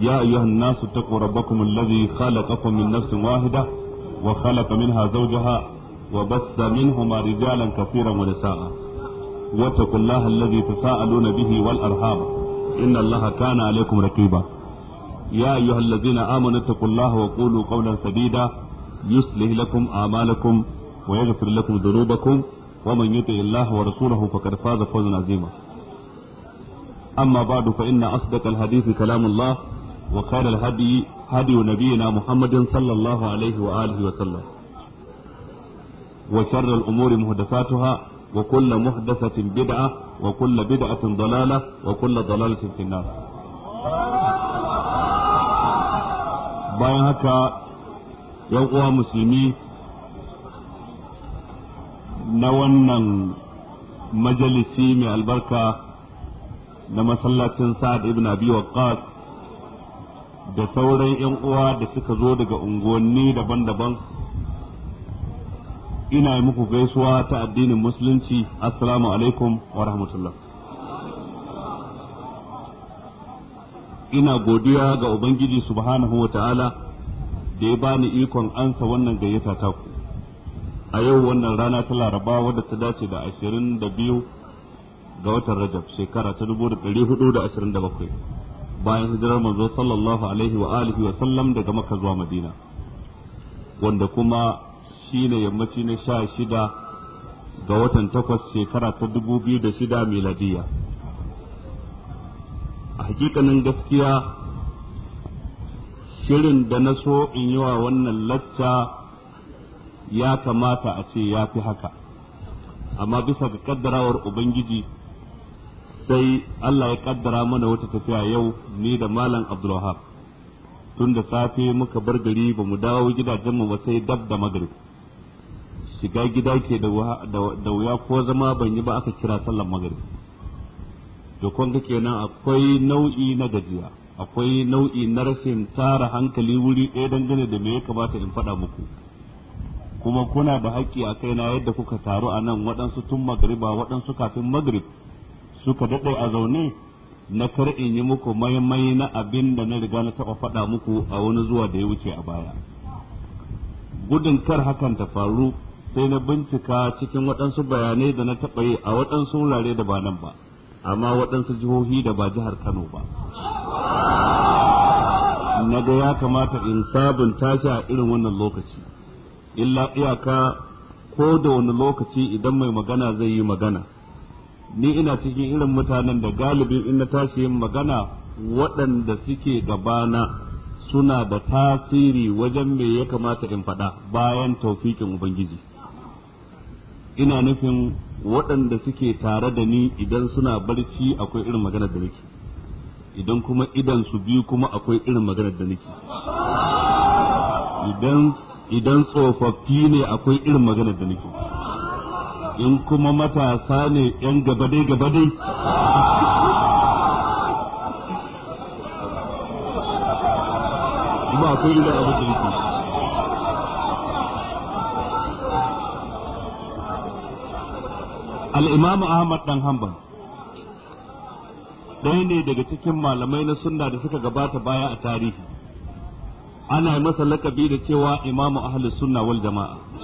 يا أيها الناس اتقوا ربكم الذي خلقكم من نفس واحدة وخلق منها زوجها وبث منهما رجالا كثيرا ونساء واتقوا الله الذي تساءلون به والأرحام إن الله كان عليكم رقيبا يا أيها الذين آمنوا اتقوا الله وقولوا قولا سديدا يصلح لكم أعمالكم ويغفر لكم ذنوبكم ومن يطع الله ورسوله فقد فاز فوزا عظيما أما بعد فإن أصدق الحديث كلام الله وكان الهدي هدي نبينا محمد صلى الله عليه وآله وسلم وشر الأمور محدثاتها وكل محدثة بدعة وكل بدعة ضلالة وكل ضلالة في النار bayan haka yan uwa musulmi na wannan majalisi mai albarka na masallacin sa'ad ibn abi waqqas da sauran 'yan uwa da suka zo daga unguwanni daban-daban ina yi muku gaisuwa ta addinin musulunci assalamu alaikum wa rahmatullah ina godiya ga ubangiji subhanahu wa ta'ala da ya bani ikon ansa wannan gayyata taku a yau wannan rana ta laraba wadda ta dace da ashirin ga watan rajab shekara ta dubu bayan hijirar manzo sallallahu alaihi wa alihi wa sallam daga maka zuwa Madina wanda kuma shi ne yammaci na sha shida ga watan takwas shekara ta dubu biyu da shida miladiya a hakikanin gaskiya shirin da na so in yi wa wannan lacca ya kamata a ce ya fi haka amma bisa ga kaddarawar ubangiji sai Allah ya kaddara mana wata tafiya yau ni da malam Abdulwahab tun da safe muka bar gari ba mu dawo gidajenmu ba sai dab da magrib shiga gida ke da wuya ko zama ban yi ba aka kira sallar magrib to kun ga kenan akwai nau'i na gajiya akwai nau'i na rashin tara hankali wuri ɗaya dangane da me ya kamata in faɗa muku kuma kuna da haƙƙi a kaina yadda kuka taru a nan waɗansu tun magriba waɗansu kafin magrib suka daɗe a zaune na kar in yi muku maimai na abin da na riga na taɓa faɗa muku a wani zuwa da ya wuce a baya gudun kar hakan ta faru sai na bincika cikin waɗansu bayanai da na taɓa yi a waɗansu wurare da ba nan ba amma waɗansu jihohi da ba jihar kano ba na ga ya kamata in sabunta shi a irin wannan lokaci illa iyaka ko da wani lokaci idan mai magana zai yi magana ni ina cikin irin mutanen da galibin in na tashi yin magana waɗanda suke gabana suna da tasiri wajen me ya kamata in faɗa bayan taufikin ubangiji ina nufin waɗanda suke tare da ni idan suna barci akwai irin maganar da nake idan kuma idan su biyu kuma akwai irin maganar da nake idan tsofaffi ne akwai irin maganar da nake in kuma matasa ne yan gabadai gabadai ba yi da abu kirki ahmad ɗan hanbal ɗaya ne daga cikin malamai na sunna da suka gabata baya a tarihi ana masa lakabi da cewa imamu ahli suna wal jama'a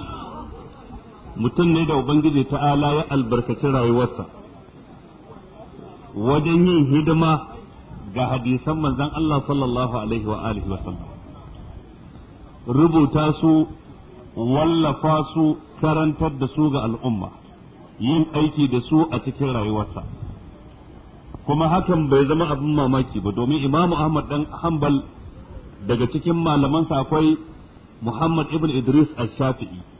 mutum ne da ubangiji ta'ala ya albarkaci rayuwarsa wajen yin hidima ga hadisan manzan Allah sallallahu alaihi wa alihi wa rubuta su wallafa su karantar da su ga al'umma yin aiki da su a cikin rayuwarsa kuma hakan bai zama abin mamaki ba domin imam ahmad dan hanbal daga cikin malamansa akwai muhammad ibn idris al-shafi'i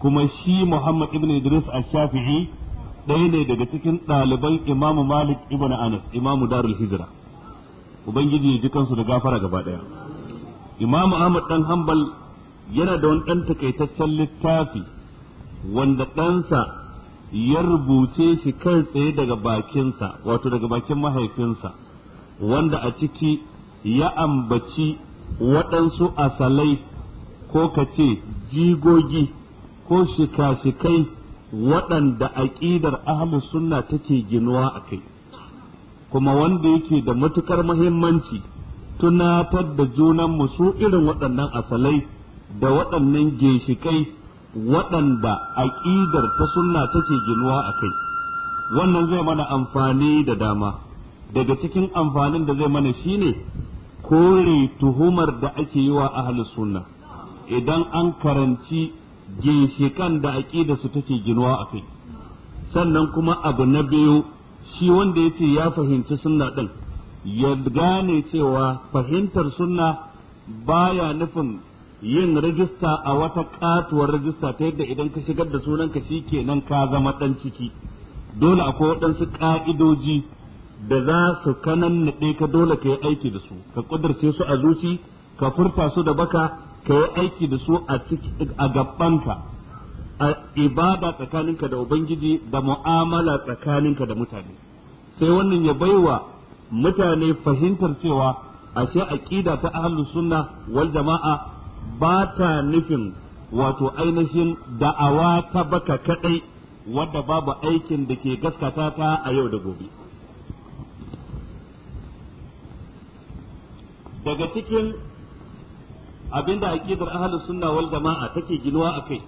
kuma shi Muhammad ibn Idris al-Shafi'i ɗaya ne daga cikin ɗaliban Imam Malik ibn Anas Imam Darul Hijra ubangiji ya ji kansu da gafara gaba ɗaya Imam Ahmad dan Hanbal yana da wani ɗan takaitaccen littafi wanda ɗansa ya rubuce shi kan tsaye daga bakinsa wato daga bakin mahaifinsa wanda a ciki ya ambaci waɗansu asalai ko ka ce jigogi ko shika-shikai waɗanda aƙidar ahlus sunna take ginuwa a kai kuma wanda yake da matukar muhimmanci tunatar da junan mu su irin waɗannan asalai da waɗannan ginshikai waɗanda aƙidar ta sunna take ginuwa a kai wannan zai mana amfani da dama daga cikin amfanin da zai mana shine kore tuhumar da ake yi wa ahlus sunna idan an karanci ginshikan da aqida su take ginuwa kai sannan kuma abu na biyu shi wanda yace ya fahimci sunna din ya gane cewa fahimtar sunna baya nufin yin rajista a wata katuwar rajista ta yadda idan ka shigar da sunanka kenan ka zama dan ciki dole akwai waɗansu ka'idoji da za su kanan ka dole ka yi aiki da su ka ƙudurce su a zuci ka furta su da baka ka yi aiki da su a gabanka a ibada tsakaninka da ubangiji da mu'amala tsakaninka da mutane sai wannan ya baiwa mutane fahimtar cewa ashe aqida ta ahlus sunna wal jama'a ba ta nufin wato ainihin da'awa ta baka kadai wadda babu aikin da ke gaskata ta a yau da gobe daga cikin abinda aqidar ahlus sunna wal jama'a take ginuwa akai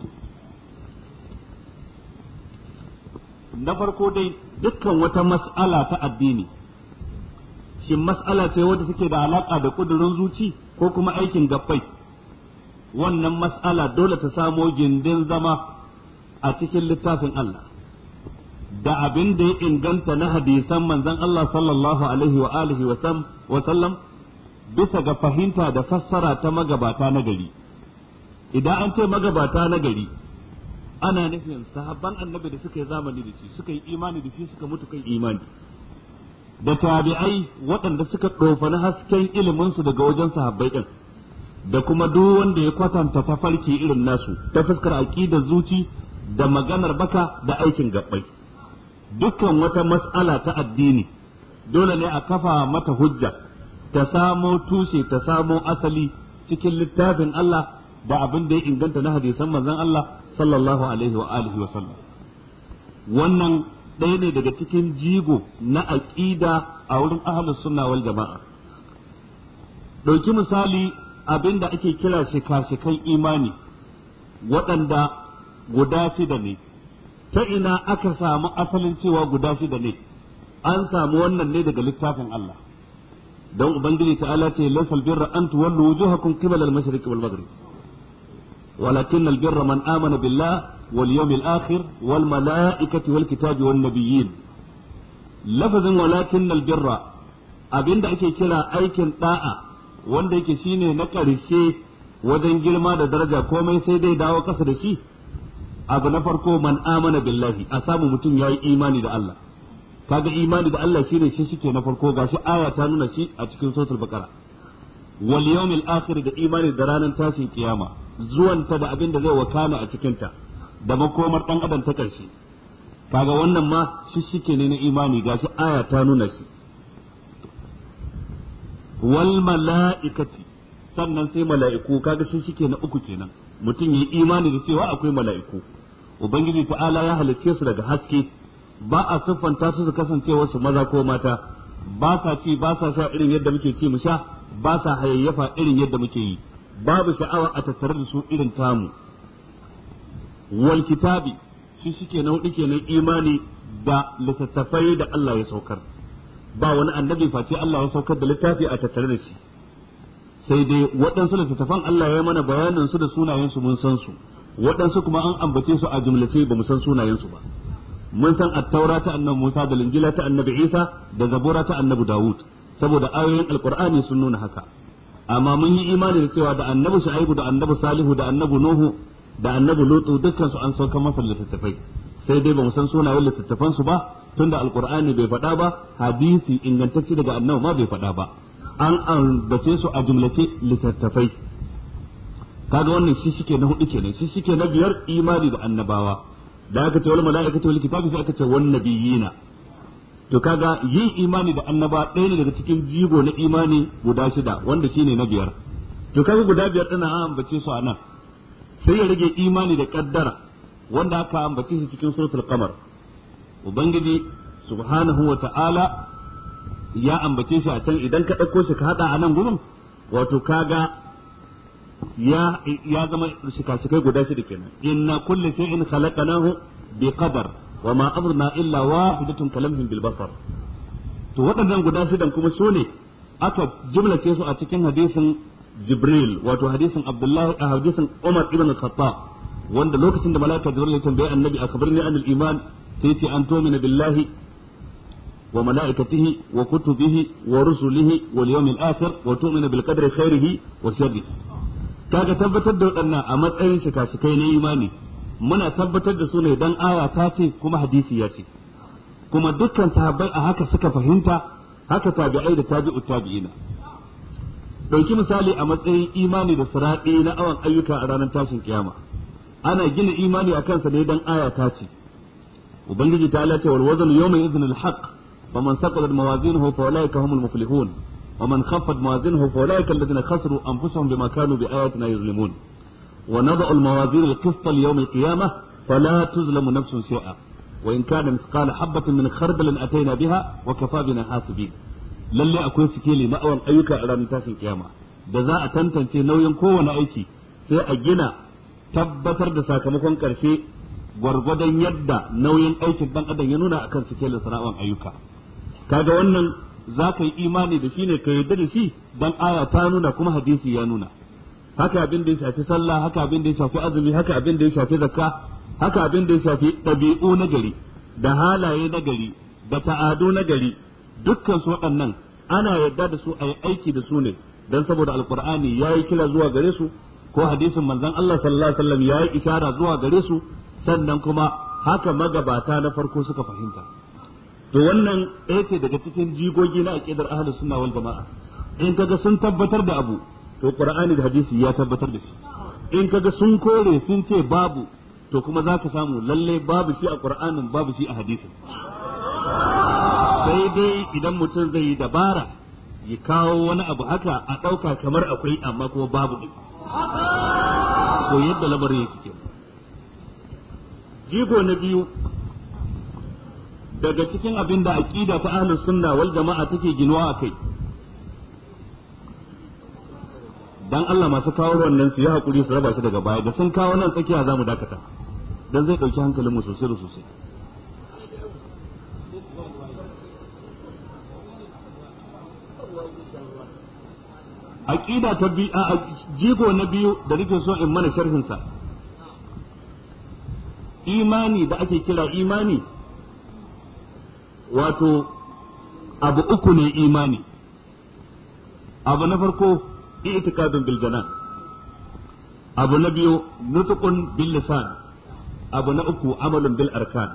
na farko dai dukkan wata mas'ala ta addini shin mas'ala ce wadda take da alaka da kudurin zuci ko kuma aikin gabbai wannan mas'ala dole ta samo gindin zama a cikin littafin Allah da abin da ya inganta na hadisan manzon Allah sallallahu alaihi wa alihi wa sallam bisa ga fahimta da fassara ta magabata na gari idan an ce magabata na gari ana nufin sahabban annabi da suka yi zamani da shi suka yi imani da shi suka mutu kan imani da tabi'ai waɗanda suka ɗofani hasken iliminsu daga wajen sahabbai ɗin da kuma duk wanda ya kwatanta ta farki irin nasu ta fuskar aƙidar zuci da maganar baka da aikin gabbai dukkan wata mas'ala ta addini dole ne a kafa mata hujja ta samo tushe ta samo asali cikin littafin Allah da abin da ya inganta na hadisan manzon Allah sallallahu alaihi wa alihi wa sallam wannan ɗaya ne daga cikin jigo na aƙida a wurin ahlus sunna wal jama'a ɗauki misali abin da ake kira shika imani waɗanda guda shida ne ta ina aka samu asalin cewa guda shida ne an samu wannan ne daga littafin Allah Don ubangiji ta'ala ce laysal birra an tuwallu wujuhakum qibala al-mashriq wal maghrib walakin al-birra man amana billah wal yawmil akhir wal malaikati wal kitabi wan nabiyyin lafazin walakin al-birra abinda ake kira aikin da'a wanda yake shine na ƙarshe wajen girma da daraja komai sai dai dawo kasa da shi abu na farko man amana billahi a samu mutum yayi imani da Allah kaga imani da Allah shine shi shike na farko gashi aya ta nuna shi a cikin suratul baqara wal yawmil akhir da imani da ranar tashin kiyama zuwanta da abin da zai wakana a cikin ta da makomar dan adam ta karshe kaga wannan ma shi shike ne na imani gashi aya ta nuna shi wal mala'ikati sannan sai mala'iku kaga shi shike na uku kenan mutum yi imani da cewa akwai mala'iku ubangiji ta'ala ya halicce su daga haske ba a siffanta su su kasance wasu maza ko mata ba sa ci ba sa sha irin yadda muke ci mu sha ba sa hayayyafa irin yadda muke yi babu sha'awa a tattare da su irin tamu wal kitabi shi shike na hudu kenan imani da littattafai da Allah ya saukar ba wani annabi face Allah ya saukar da littafi a tattare da shi sai dai waɗansu littattafan Allah ya mana bayanin su da sunayen su mun san su waɗansu kuma an ambace su a jumlace ba mu san sunayen su ba mun san at ta annabi Musa da linjila ta annabi Isa da zabura ta annabi Dawud saboda ayoyin alqur'ani sun nuna haka amma mun yi imani da cewa da annabi Shu'aibu da annabi Salihu da annabi Nuhu da annabi Lutu dukkan su an sauka masa littattafai sai dai ba mu san sunayen littattafan su ba tunda alqur'ani bai faɗa ba hadisi ingantacce daga annabi ma bai faɗa ba an ambace su a jumlace littattafai kaga wannan shi shike na hudu kenan shi shike na biyar imani da annabawa da aka ce wal mala'ikatu wal kitabi sai aka ce wan nabiyina to kaga yin imani da annaba ɗaya ne daga cikin jigo na imani guda shida wanda shine na biyar to kaga guda biyar din an ambace su anan sai ya rage imani da kaddara wanda aka ambace shi cikin suratul qamar ubangiji subhanahu wa ta'ala ya ambace shi a can idan ka ɗauko shi ka hada anan gudun gurin wato kaga ya ya zama shikashikai guda shida kenan inna kulli shay'in khalaqnahu bi qadar wa ma amruna illa wahidatun kalamhin bil basar to waɗannan guda shidan kuma sune. ne aka jimlace su a cikin hadisin Jibril wato hadisin Abdullahi a hadisin Umar ibn Khattab wanda lokacin da malaika Jibril ya tambaye annabi akhbirni anil iman sai ce an tu'mina billahi wa malaikatihi wa kutubihi wa rusulihi wal yawmil akhir wa tu'mina bil qadri khairihi wa sharrihi kaga tabbatar da waɗannan a matsayin shika-shikai na imani muna tabbatar da su ne dan aya ta ce kuma hadisi ya ce kuma dukkan sahabbai a haka suka fahimta haka tabi'ai da tabi'u tabi'ina dauki misali a matsayin imani da siraɗi na awan ayyuka a ranar tashin kiyama ana gina imani a kansa ne dan aya ta ce ubangiji ta lace wal wazn yawma idhnil haqq faman saqalat mawazinuhu fa ulaika humul muflihun ومن خفت موازينه فاولئك الذين خسروا انفسهم بما كانوا باياتنا يظلمون ونضع الموازين القسط ليوم القيامه فلا تظلم نفس شيئا وان كان مثقال حبه من خردل اتينا بها وكفى بنا حاسبين lalle akwai sikeli ma'awan ayyuka a ranar tashin kiyama da za a tantance nauyin kowane aiki sai a gina tabbatar da sakamakon karshe gwargwadon yadda nauyin aikin dan adam ya nuna akan sikelin sana'an ayyuka kaga wannan za ka yi imani da shi ne ka yarda da shi dan aya ta nuna kuma hadisi ya nuna haka abin da ya shafi sallah haka abin da ya shafi azumi haka abin da ya shafi zakka haka abin da ya shafi ɗabi'u na gari da halaye na gari da ta'adu na gari dukkan su waɗannan ana yarda da su a yi aiki da su ne dan saboda alqur'ani yi kila zuwa gare su ko hadisin manzon Allah sallallahu alaihi wasallam yayi ishara zuwa gare su sannan kuma haka magabata na farko suka fahimta to wannan ɗaya ce daga cikin jigogi na aqidar ahlus sunna wal jama'a in kaga sun tabbatar da abu to qur'ani da hadisi ya tabbatar da shi in kaga sun kore sun ce babu to kuma zaka samu lalle babu shi a qur'anin babu shi a hadisin sai dai idan mutum zai yi dabara ya kawo wani abu haka a ɗauka kamar akwai amma kuma babu ɗin to yadda labarin yake jigo na biyu daga cikin abin da aqida ta ahlus sunna wal jama'a take ginuwa kai dan Allah masu kawo wannan su yi hakuri su raba shi daga baya da sun kawo nan tsakiya zamu dakata dan zai dauki hankalin mu sosai da sosai aqida ta bi a jigo na biyu da nake so in mana sharhin sa imani da ake kira imani wato abu uku ne imani abu na farko i'tiqadun bil janan abu na biyu nutqun bil lisan abu na uku amalun bil arkan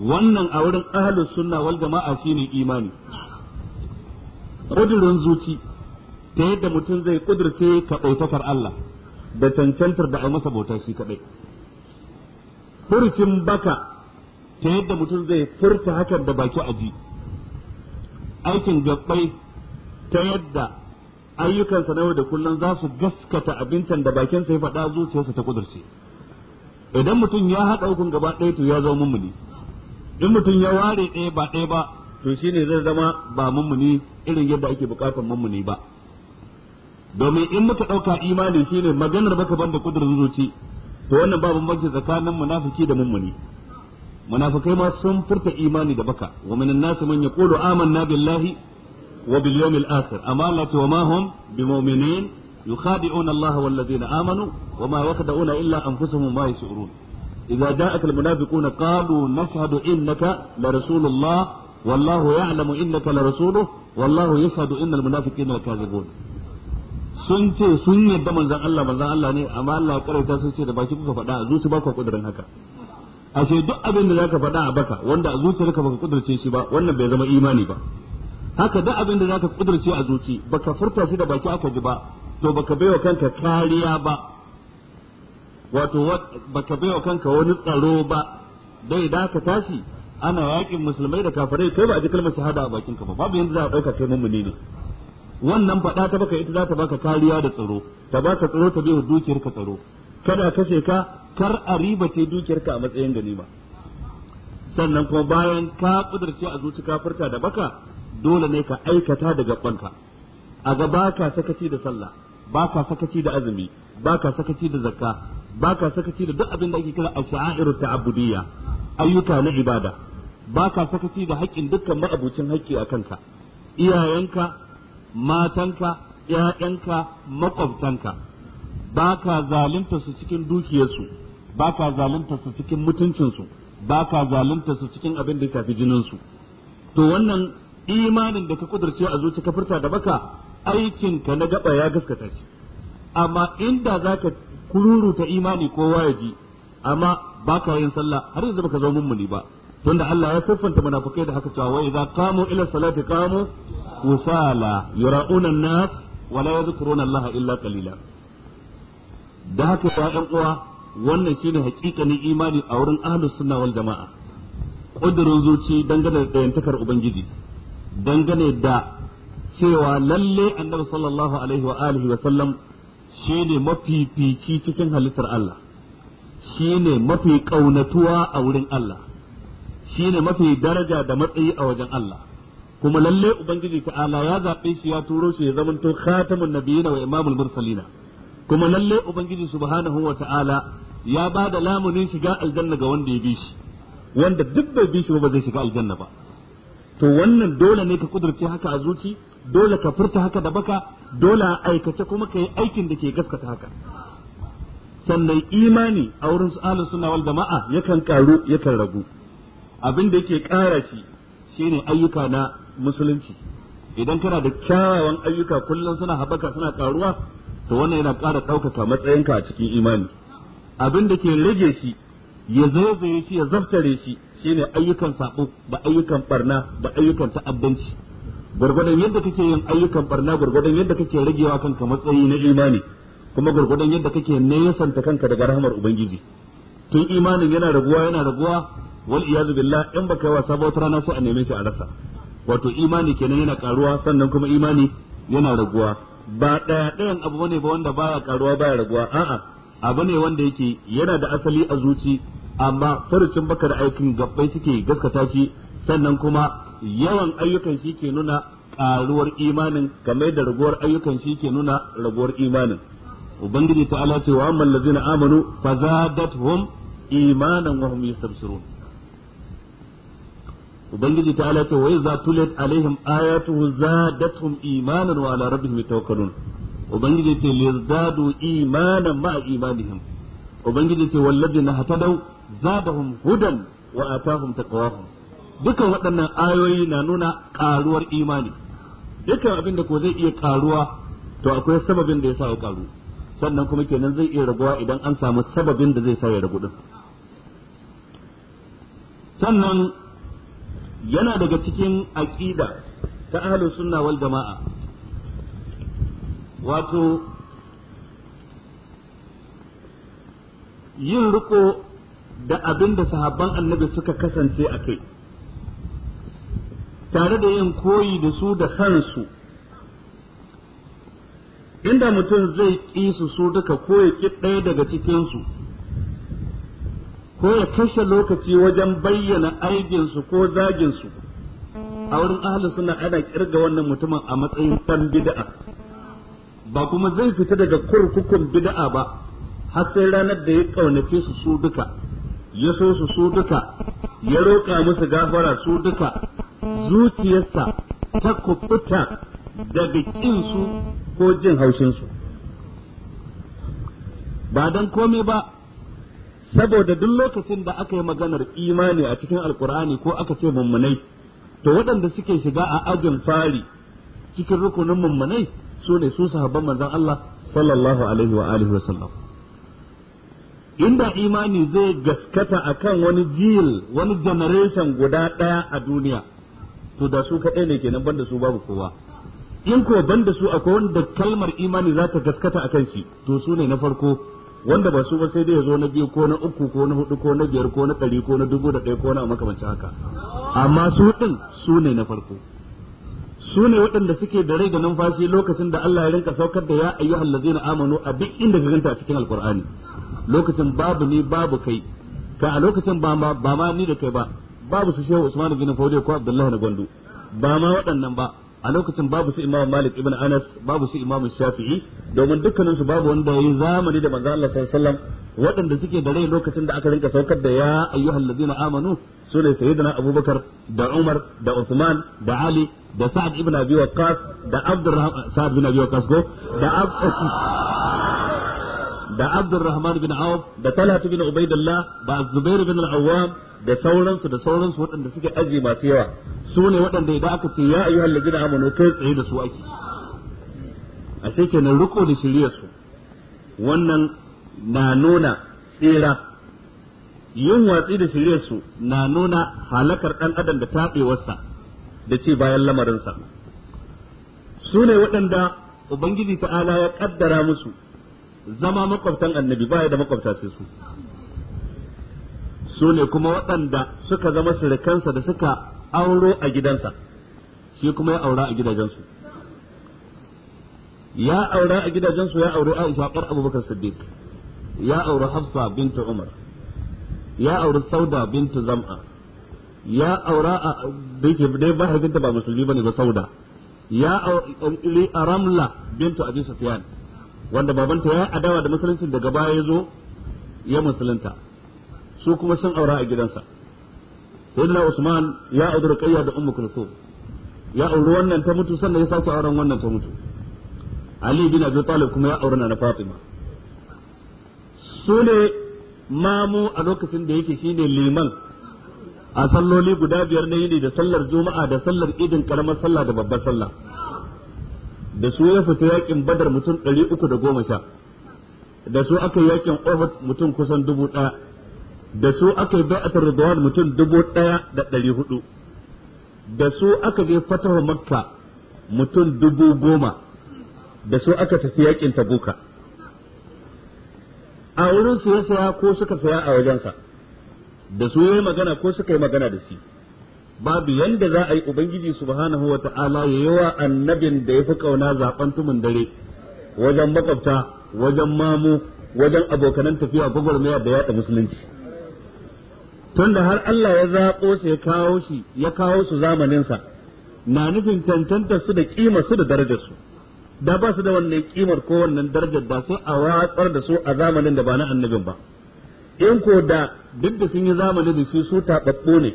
wannan a wurin ahlus sunna wal jama'a shine imani kudurin zuci ta yadda mutum zai kudurce ka bautakar Allah da cancantar da a masa bauta shi kaɗai furucin baka ta yadda mutum zai furta hakan da baki a ji aikin gabbai ta yadda ayyukansa na yau da kullum za su gaskata abincin da bakinsa ya faɗa zuciyarsa ta kudurce idan mutum ya haɗa hukun gaba ɗaya to ya zama mummuni in mutum ya ware ɗaya ba ɗaya ba to shine zai zama ba mummuni irin yadda ake buƙatar mummuni ba domin in muka ɗauka imani shine maganar baka banda kudurin zuci to wannan babu banci tsakanin munafiki da mummuni munafikai ma sun furta imani da baka wa minan nasu man yaqulu amanna billahi wa bil yawmil akhir amma Allah ce wa ma hum bimu'minin yukhadi'una Allah wal ladina amanu wa ma yakhda'una illa anfusuhum ma yash'urun idza ja'aka al munafiquna qalu nashhadu innaka la rasulullah wallahu ya'lamu innaka la rasuluhu wallahu yashhadu innal munafiqina lakazibun sun ce sun yarda manzan Allah manzan Allah ne amma Allah ya karanta sun ce da baki kuka faɗa a su baka kudirin haka ashe duk abin da zaka faɗa a baka wanda a zuciyarka baka kudurce shi ba wannan bai zama imani ba haka duk abin da zaka kudurce a zuci baka furta shi da baki aka ji ba to baka baiwa kanka kariya ba wato baka baiwa kanka wani tsaro ba dai da ka tashi ana yakin musulmai da kafirai kai ba a ji kalmar shahada a bakin ka ba babu yanda za a dauka kai mummuni ne wannan faɗa ta baka ita za ta baka kariya da tsaro ta baka tsaro ta bai dukiyar ka tsaro kada kashe ka kar a riba ribace dukiyarka a matsayin ganima sannan kuma bayan ka kudurce a zuci kafirta da baka dole ne ka aikata da gabanka a ga baka sakaci da sallah baka sakaci da azumi baka sakaci da zakka baka sakaci da duk abin da ake kira asha'irut ta'abbudiyya ayyuka na ibada baka sakaci da haƙƙin dukkan ma'abucin haƙƙi a kanka iyayenka matanka ya'yanka maƙwabtanka ba ka zalunta su cikin dukiyarsu ba ka zalunta su cikin mutuncinsu ba ka zalunta su cikin abin da ya shafi jininsu to wannan imanin da ka kudurce a zuci ka furta da baka aikin ka na gaba ya gaskata shi amma inda za zaka kururuta imani kowa ya ji amma baka yin sallah har yanzu baka zo mummuni ba tunda Allah ya siffanta munafikai da haka cewa wa idza qamu ila salati qamu usala yura'una an-nas wa la yadhkuruna Allah illa qalila da haka ya ɗan uwa wannan ne hakikanin imani a wurin ahlus sunna wal jama'a kudurin zuci dangane da yantakar ubangiji dangane da cewa lalle annabi sallallahu alaihi wa alihi wa sallam shi shine mafifici cikin halittar Allah Shi ne mafi kaunatuwa a wurin Allah Shi ne mafi daraja da matsayi a wajen Allah kuma lalle ubangiji ta'ala ya zaɓe shi ya turo shi ya zamanto khatamun nabiyina wa imamul mursalina kuma lalle ubangiji subhanahu wa ta'ala ya ba da lamunin shiga aljanna ga wanda ya bi shi wanda duk bai bi shi ba zai shiga aljanna ba to wannan dole ne ka kudurce haka a zuci dole ka furta haka da baka dole a aikace kuma ka yi aikin da ke gaskata haka sannan imani a wurin su'alin suna wal jama'a yakan karu yakan rabu. abin da yake kara shi shine ayyuka na musulunci idan kana da kyawawan ayyuka kullum suna haɓaka suna karuwa to wannan yana ƙara ɗaukaka matsayinka a cikin imani abin da ke rage shi ya zaizaye shi ya zaftare shi shine ayyukan sabo ba ayyukan barna ba ayyukan ta'abbanci gwargwadon yadda kake yin ayyukan barna gwargwadon yadda kake ragewa kanka matsayi na imani kuma gwargwadon yadda kake nesanta kanka daga rahmar ubangiji tun imanin yana raguwa yana raguwa wal iyazu billah in baka yi wasa ba wata rana sai a neme shi a rasa wato imani kenan yana karuwa sannan kuma imani yana raguwa ba ɗaya ɗayan abu ne ba wanda baya karuwa baya raguwa a'a abu ne wanda yake yana da asali a zuci amma farcin baka da aikin gabbai suke gaskata shi sannan kuma yawan ayyukan shi ke nuna karuwar imanin game da raguwar ayyukan shi ke nuna raguwar imanin ubangiji ta'ala ce wa amman lazina amanu fazadathum imanan wa hum yastabsirun ubangiji ta ala wai za iza tulat alaihim ayatuhu zadatum imanan wa ala rabbihim tawakkalun ubangiji ce zadu imanan ma imanihim ubangiji ce walladina hatadau zadahum hudan wa atahum taqwahum dukan waɗannan ayoyi na nuna karuwar imani dukan abin da ko zai iya karuwa to akwai sababin da ya sa ya karu sannan kuma kenan zai iya raguwa idan an samu sababin da zai sa ya ragu din sannan yana daga cikin aƙida ta ahlus sunna wal jama'a wato yin riko da abinda da sahabban annabi suka kasance a kai tare da yin koyi da su da kansu inda mutum zai ƙi su su duka koyi ɗaya daga cikinsu ko ya kashe lokaci wajen bayyana aibinsu ko zaginsu a wurin ahli suna ana kirga wannan mutumin a matsayin dan bid'a ba kuma zai fita daga kurkukun bid'a ba har sai ranar da ya kaunace su su duka ya so su su duka ya roƙa musu gafara su duka zuciyarsa ta kubuta daga ƙinsu ko jin haushinsu ba don komai ba saboda duk lokacin da aka yi maganar imani a cikin alkur'ani ko aka ce mummunai to waɗanda suke shiga a ajin fari cikin rukunin mummunai su ne su sahabban manzon Allah sallallahu alaihi wa alihi wa sallam inda imani zai gaskata akan wani jil wani generation guda ɗaya a duniya to da su kaɗai ne kenan banda su babu kowa in ko banda su akwai wanda kalmar imani za ta gaskata akan shi to su ne na farko wanda ba su ba sai dai ya zo na biyu ko na uku ko na hudu ko na biyar ko na ɗari ko na dubu da ɗaya ko na makamancin haka amma su ɗin su ne na farko su ne waɗanda suke da rai da numfashi lokacin da Allah ya rinka saukar da ya ayyuhal na amanu a duk inda ka ganta cikin alqur'ani lokacin babu ni babu kai ka a lokacin ba ma ba ma ni da kai ba babu su shehu Usman bin faude ko Abdullahi na Gwandu ba ma waɗannan ba a lokacin babu su imamu malik ibn anas babu su imamu shafi'i domin dukkanin su babu wanda yayi zamani da manzo Allah sallallahu alaihi wasallam waɗanda suke da rai lokacin da aka rinka saukar da ya ayyuhal ladina amanu sune sayyidina abubakar da umar da usman da ali da sa'ad ibn abi waqqas da abdurrahman sa'ad ibn abi waqqas go da da abdulrahman bin Auf da Talatu bin Ubaidillah da Zubair bin Al-Awwam da sauransu da sauransu waɗanda suke aji masu yawa su ne waɗanda idan aka ce ya ayyuhal ladina amanu kai tsaye da su ake ashe kenan riko da shiriyar su wannan na nuna tsira yin watsi da shiryarsu su na nuna halakar ɗan adam da taɓewarsa da ce bayan lamarinsa su ne waɗanda ubangiji ta'ala ya ƙaddara musu zama makwabtan annabi ba ya da makwabta sai su su ne kuma waɗanda suka zama surukansa da suka auro a gidansa shi kuma ya aura a gidajensu ya aura a gidajensu ya auri Aisha kar Abubakar Siddiq ya auri Hafsa bintu Umar ya auri Sauda bintu Zam'a ya aura a dake dai ba hakinta ba musulmi bane ba Sauda ya auri um, Ramla bintu Abi Sufyan wanda babanta ya adawa da musulunci daga baya ya zo ya musulunta su kuma sun aura a gidansa sayyidina usman ya auri kayya da ummu kulthum ya auri wannan ta mutu sannan ya sake auren wannan ta mutu ali bin abi talib kuma ya auri na fatima su mamu a lokacin da yake shine liman a salloli guda biyar na yini da sallar juma'a da sallar idin karamar sallah da babbar sallah da su ya fita yakin badar mutum ɗari uku da goma sha da su aka yi yakin uhud mutum kusan dubu ɗaya da su aka yi bai'atar ridwan mutum dubu ɗaya da ɗari hudu da su aka je fatawa makka mutum dubu goma da su aka tafi yakin tabuka a wurin su ya saya ko suka saya a wajensa da su ya magana ko suka yi magana da su. babu yanda za a yi ubangiji subhanahu yi wa annabin da ya fi kauna zaben tumin dare wajen makwabta wajen mamu wajen abokanan tafiya gwagwarmaya da yaɗa musulunci tunda har Allah ya zaɓo su ya kawo shi ya kawo su zamaninsa na nufin cancanta su da kima su da darajar su da ba su da wannan kimar ko wannan darajar da su a watsar da su a zamanin da ba na annabin ba in ko da duk da sun yi zamani da shi su taɓaɓɓo ne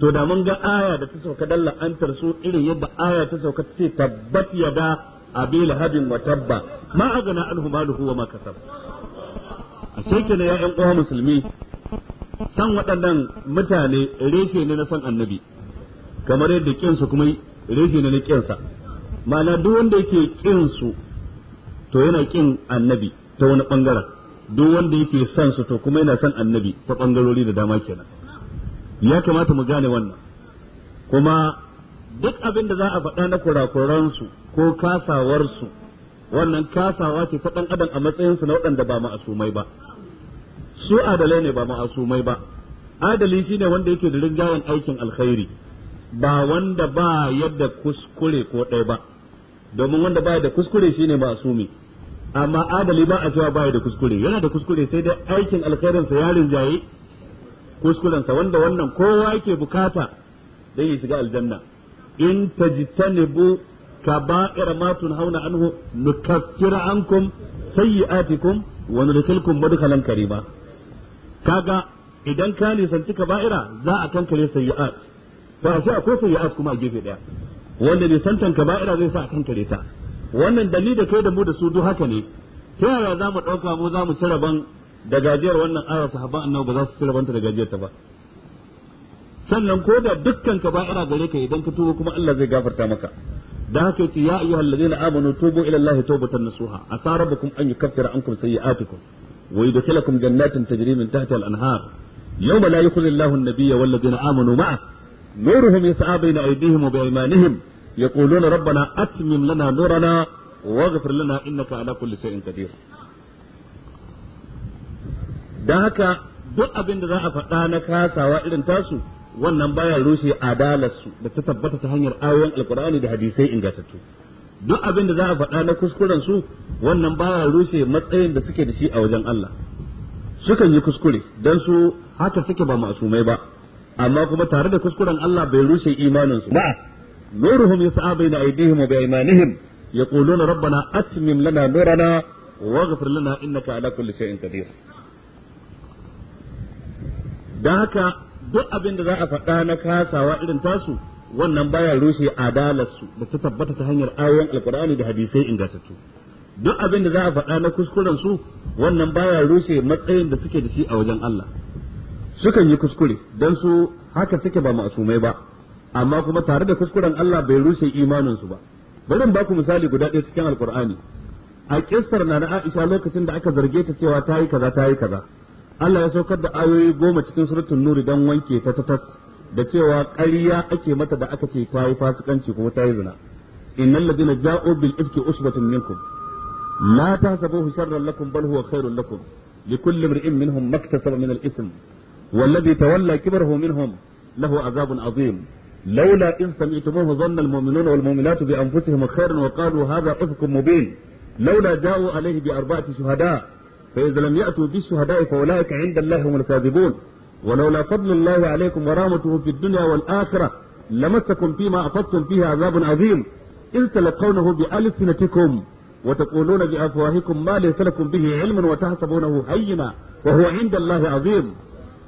to da mun ga aya da ta sauka dalla an tarso irin yadda aya ta sauka ta ce tabbat yada abil hadin wa tabba ma agana anhu maluhu wa ma kasab a sheke ne ya ƴan musulmi san waɗannan mutane reshe ne na san annabi kamar yadda kinsu kuma reshe ne na kinsa ma'ana duk wanda yake kinsu to yana kin annabi ta wani bangaren duk wanda yake san su to kuma yana san annabi ta bangarori da dama kenan ya kamata mu gane wannan kuma duk abin da za a faɗa na kurakuransu ko kasawarsu wannan kasawa ce ta ɗan adam a matsayinsu na waɗanda ba ma'asumai ba su adalai ne ba ma'asumai ba adali shine wanda yake da rigayen aikin alkhairi ba wanda ba yadda kuskure ko ɗaya ba domin wanda ba da kuskure shine ma'asumi amma adali ba a cewa ba da kuskure yana da kuskure sai dai aikin alkhairinsa ya rinjaye kuskurensa wanda wannan kowa yake bukata dan ya shiga aljanna in tajtanibu kaba'ira ma tunhauna anhu nukaffir ankum sayyi'atikum wa nudkhilkum madkhalan karima kaga idan ka nisanci kaba'ira za a kankare sayyi'at ba sai akwai sayyi'at kuma a gefe daya wanda nisantan kaba'ira zai sa a kankare ta wannan dalili da kai da mu da su duk haka ne ta yaya za mu ɗauka mu za mu ci rabon da gajiyar wannan aya sahabban annabi ba za su cire banta da gajiyar ta ba sannan ko da dukkan ka ba'ira gare ka idan ka tuba kuma Allah zai gafarta maka da haka yace ya ayyuhal ladzina amanu tubu ila allahi tawbatan nasuha asa rabbukum an yukaffira ankum sayi'atikum wa yudkhilakum jannatin tajri min tahtiha al-anhar yawma la yukhzi allahu an-nabiyya wal ladzina amanu ma'a nuruhum yas'a bayna aydihim wa bi'imanihim yaquluna rabbana atmim lana nurana واغفر لنا انك على كل شيء قدير don haka duk abin da za a faɗa na kasawa irin tasu wannan baya rushe adalarsu da ta tabbata ta hanyar ayoyin alkur'ani da hadisai ingantattu duk abin da za a faɗa na kuskuren su wannan baya rushe matsayin da suke da shi a wajen Allah sukan yi kuskure dan su haka suke ba masumai ba amma kuma tare da kuskuren Allah bai rushe imanin su ba nuruhum yas'a baina aydihim wa bi aymanihim yaquluna rabbana atmim lana nurana waghfir lana innaka ala kulli shay'in qadir don haka duk abin da za a faɗa na kasawa irin tasu wannan baya rushe adalarsu da ta tabbata ta hanyar ayoyin alkur'ani da hadisai ingantattu duk abin da za a faɗa na kuskuren su wannan baya rushe matsayin da suke da shi a wajen Allah sukan yi kuskure don su haka suke ba masumai ba amma kuma tare da kuskuren Allah bai rushe imanin su ba bari in baku misali guda ɗaya cikin alkur'ani a kissar na Aisha lokacin da aka zarge ta cewa ta yi kaza ta yi kaza Allah ya saukar da ayoyi goma cikin suratun nuri dan wanke ta ta da cewa ƙarya ake mata da aka ce ta yi fasikanci ko ta yi zina innal ladina ja'u bil ifki usbatun minkum la tahsabuhu sharran lakum bal huwa khairun lakum likulli imrin minhum maktasaba min al ithm والذي تولى كبره منهم له عذاب عظيم لولا إن سمعتموه ظن المؤمنون والمؤمنات بأنفسهم خيرا وقالوا هذا أفك مبين لولا جاءوا عليه بأربعة شهداء فإذا لم يأتوا بالشهداء فأولئك عند الله هم الكاذبون ولولا فضل الله عليكم ورامته في الدنيا والآخرة لمسكم فيما أفضتم فيه عذاب عظيم إذ تلقونه بألسنتكم وتقولون بأفواهكم ما ليس لكم به علم وتحسبونه هينا وهو عند الله عظيم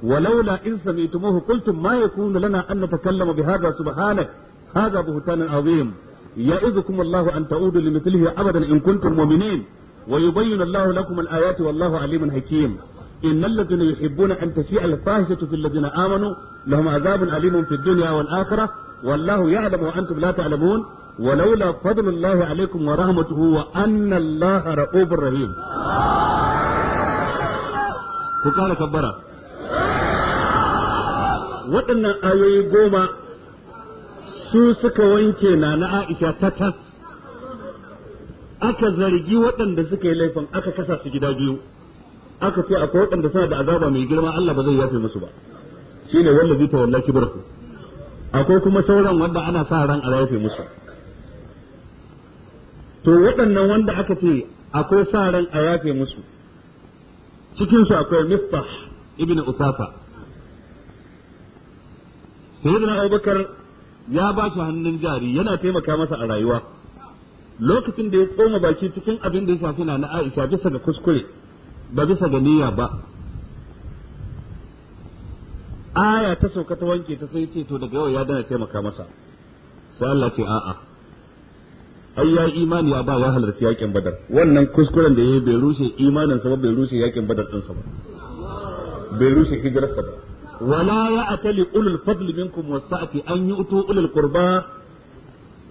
ولولا إن سمعتموه قلتم ما يكون لنا أن نتكلم بهذا سبحانك هذا بهتان عظيم يعظكم الله أن تعودوا لمثله أبدا إن كنتم مؤمنين ويبين الله لكم الآيات والله عليم حكيم إن الذين يحبون أن تشيع الفاحشة في الذين آمنوا لهم عذاب أليم في الدنيا والآخرة والله يعلم وأنتم لا تعلمون ولولا فضل الله عليكم ورحمته وأن الله رؤوف رحيم فقال كبرة waɗannan ayoyi goma su suka wanke na na Aisha ta tas aka zargi waɗanda suka yi laifin aka kasa su gida biyu aka ce akwai waɗanda suna da azaba mai girma Allah ba zai yafe musu ba shine zai tawalla kibarku akwai kuma sauran wanda ana sa ran a yafe musu to waɗannan wanda aka ce akwai sa ran a yafe musu cikin su akwai Miftah ibn Usafa Sayyidina Abubakar ya ba shi hannun jari yana taimaka masa a rayuwa lokacin da ya koma baki cikin abin da ya shafi na Aisha bisa ga kuskure ba bisa ga niyya ba aya ta sauka ta wanke ta sai ce to daga yau ya dana taimaka masa sai Allah ce a'a ai ya imani ya ba ya halarci yakin badar wannan kuskuren da yayi bai rushe imanin sa ba bai rushe yakin badar din sa ba bai rushe hijirar sa ba wala ya atali ulul fadl minkum wasati an yu'tu ulul qurba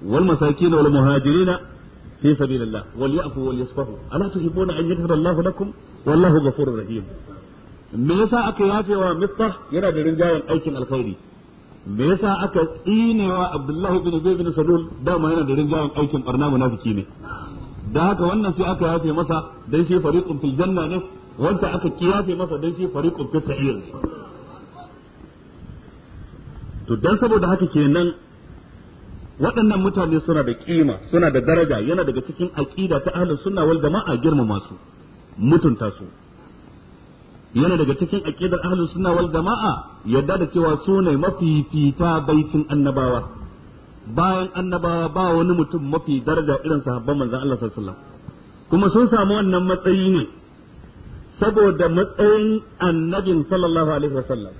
wal masakin wal muhajirin fi sabilillah wal ya'fu wal me yasa aka yafe wa miftah yana da rinjayen aikin alkhairi me yasa aka tsinewa Abdullah bin Zaid bin Salul dama yana da rinjayen aikin barna munafiki ne da haka wannan sai aka yafe masa dan shi fariqun fil janna ne wanda aka kiyafe masa dan shi fariqun fis sa'ir to dan saboda haka kenan waɗannan mutane suna da ƙima suna da daraja yana daga cikin aƙida ta ahlus sunna wal jama'a girmama su mutunta su yana daga cikin aqidar ahlus sunna wal jama'a yadda da cewa su ne mafifita baitin annabawa bayan annabawa ba wani mutum mafi daraja irin sahabban manzon Allah sallallahu alaihi wasallam kuma sun samu wannan matsayi ne saboda matsayin annabin sallallahu alaihi wasallam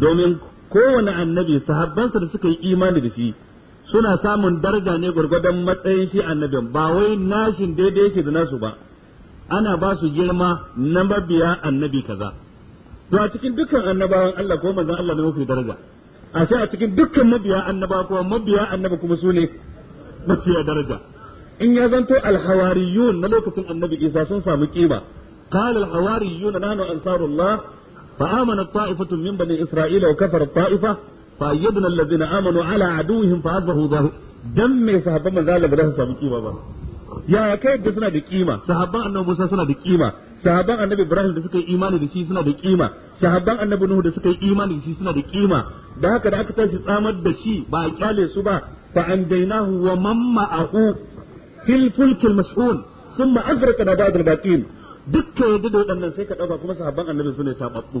domin kowane annabi sahabbansa da suka yi imani da shi suna samun daraja ne gurgurdan matsayin shi annabin ba wai nashin daidai yake da nasu ba ana ba su girma na mabiya annabi kaza to a cikin dukkan annabawan Allah ko manzon Allah ne mafi daraja a sai a cikin dukkan mabiya annaba ko mabiya annaba kuma su ne mafiya daraja in ya zanto alhawariyun na lokacin annabi Isa sun samu kima قال الحواريون نحن أنصار الله فآمن الطائفة من بني إسرائيل وكفر الطائفة فأيدنا الذين آمنوا على عدوهم فأصبحوا ظاهر دم صحابة من ذلك بدأ سابقي بابا يا كيف سنة بقيمة صحابة أنه موسى سنة بقيمة sahaban annabi ibrahim da suka yi imani da shi suna da kima sahaban annabi nuhu da suka yi imani da shi suna da kima da haka da aka tashi tsamar da shi ba a kyale su ba fa an dainahu wa man ma'ahu fil fulkil mas'ul thumma azraqna duk yadda da waɗannan sai ka ɗauka kuma sahabban annabi su ne taɓaɓɓu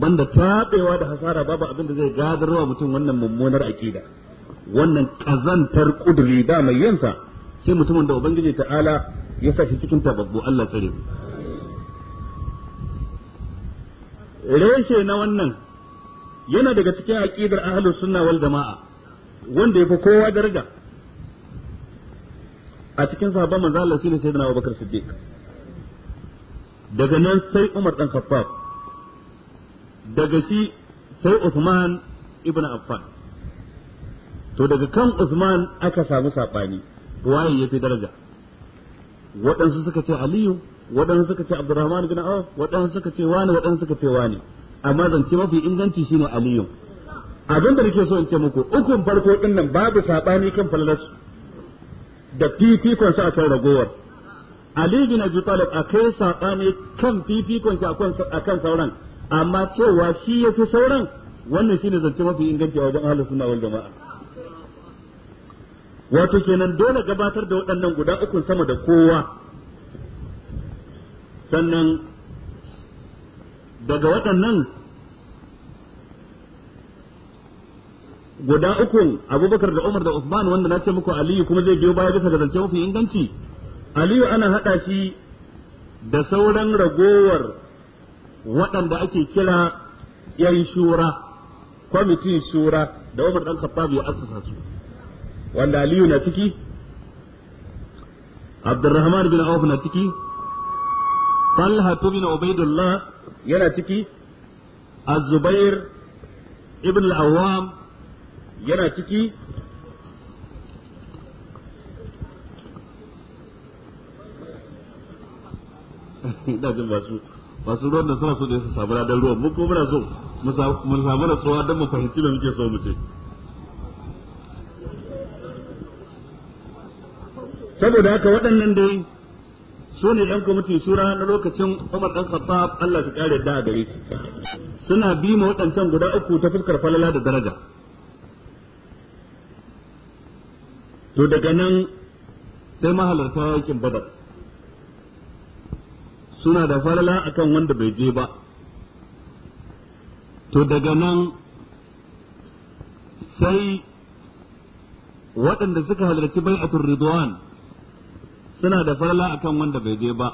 banda taɓewa da hasara babu abin da zai wa mutum wannan mummunar aƙida wannan ƙazantar ƙuduri da mai yansa sai mutumin da ubangiji ta'ala ya sa shi cikin taɓaɓɓu Allah tsare reshe na wannan yana daga cikin aƙidar ahlus sunna wal jama'a wanda ya fi kowa daraja a cikin sahabban manzo Allah shine sayyidina Abubakar Siddiq daga nan sai Umar dan Khattab daga shi sai Uthman ibn Affan to daga kan Uthman aka samu sabani waye ya fi daraja waɗansu suka ce Aliyu waɗansu suka ce Abdurrahman bin Auf waɗansu suka ce wani waɗansu suka ce wani amma zance mafi inganci shine Aliyu abin da nake so in ce muku ukun farko din nan babu sabani kan fallalarsu da fifikon sa akan ragowar Ali bin Abi Talib akai sabani kan fifikon sa akan sauran amma cewa shi yafi sauran wannan shine zance mafi inganci a wajen ahlus sunna wal jama'a wato kenan dole gabatar da waɗannan guda ukun sama da kowa sannan daga waɗannan guda ukun abubakar da umar da usman wanda na ce muku aliyu kuma zai biyo baya bisa ga zance mafi inganci aliyu ana hada shi da sauran ragowar waɗanda ake kira yan shura kwamitin shura da umar dan khattab ya assasa su wanda aliyu na ciki abdurrahman bin auf na ciki talha bin ubaidullah yana ciki az-zubair ibn al-awwam yana ciki ina jin masu masu ruwan da suna so da su samu ladan ruwan mu ko muna so mu samu rasuwa don mu fahimci da muke so mu ce saboda haka waɗannan dai su ne ɗan kwamitin shura na lokacin Umar ɗan Khattab Allah su ƙare da a gare su suna bi ma waɗancan guda uku ta fuskar falala da daraja to daga nan sai mahalarta yakin badar suna da falala akan wanda bai je ba to daga nan sai waɗanda suka halarci bai'atul ridwan suna da falala akan wanda bai je ba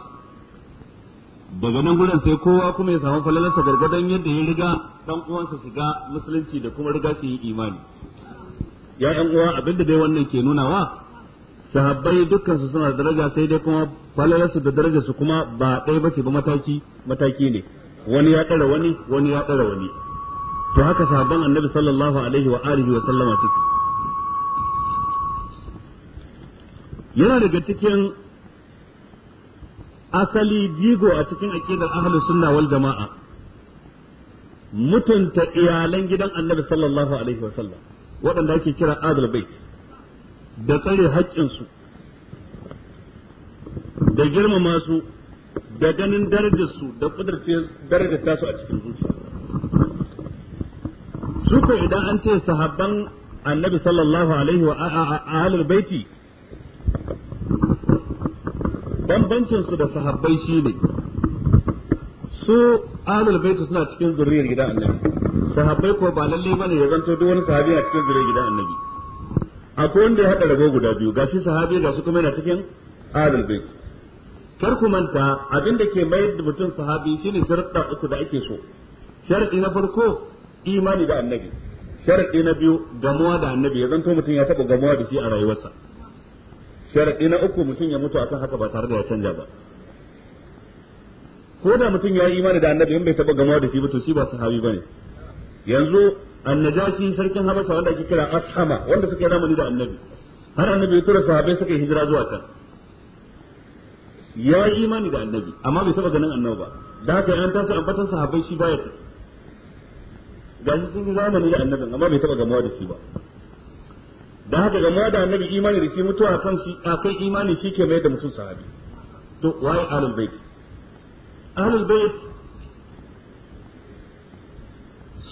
daga nan gudan sai kowa kuma ya samu falalarsa gargadon yadda ya riga dan uwansa shiga musulunci da kuma riga shi yi imani ya yan uwa abinda dai wannan ke nunawa sahabbai dukkan su suna da daraja sai dai kuma su da darajarsu kuma ba ɗaya bace ba mataki mataki ne wani ya ƙara wani wani ya ƙara wani to haka sahabban annabi sallallahu alaihi wa alihi wa sallama suke yana daga cikin asali jigo a cikin aqidar ahlus sunna wal jama'a mutunta iyalan gidan annabi sallallahu alaihi wa sallam waɗanda ake kira adal bai da tsare haƙƙinsu da girmama su da ganin darajarsu da ƙudurce darajar tasu a cikin zuciya su ko idan an ce sahabban annabi sallallahu alaihi wa ahlul baiti bambancin su da sahabbai shine su ahlul baiti suna cikin zuriyar gidan annabi sahabbai ko ba lalle bane ya zanto duk wani sahabi a cikin zuriyar gidan annabi akwai wanda ya hada rabo guda biyu gashi sahabi gashi kuma yana cikin ahlul bait kar ku manta abin da ke mayar da mutum sahabi shine sharuɗa uku da ake so sharaɗi na farko imani da annabi sharaɗi na biyu gamuwa da annabi ya zanto mutum ya taɓa gamuwa da shi a rayuwarsa sharaɗi na uku mutum ya mutu akan haka ba tare da ya canja ba ko da mutum ya yi imani da annabi in bai taɓa gamuwa da shi ba to shi ba sahabi bane yanzu annajashi sarkin Habasa wanda ake kira ashama wanda suka yi zamani da annabi har annabi ya tura sahabbai suka yi hijira zuwa can ya yi imani da annabi amma bai taba ganin annabi ba da haka an tashi ambatan sahabbai shi baya ta gashi sun yi zamani da annabi amma bai taba gamuwa da shi ba da haka gamuwa da annabi imani da shi mutuwa kan shi akai imani shi ke mai da mutum sahabi to wai alul bait alul bait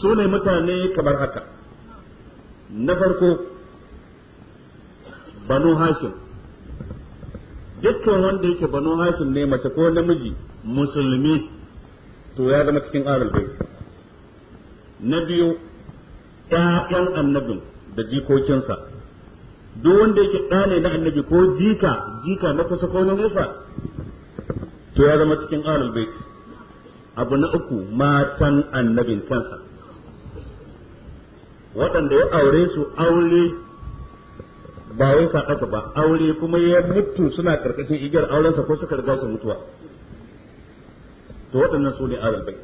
su ne mutane kamar haka na farko banu hashim dukkan wanda yake banu hashim ne mace ko namiji musulmi to ya zama cikin aral bai na biyu ƴaƴan annabin da jikokinsa duk wanda yake ɗa ne na annabi ko jika jika na kusa ko na nufa to ya zama cikin aral bai abu na uku matan annabin kansa waɗanda ya aure su aure ba wai sadaka ba aure kuma ya mutu suna karkashin igiyar aurensa ko suka riga su mutuwa to waɗannan su ne ahlul bait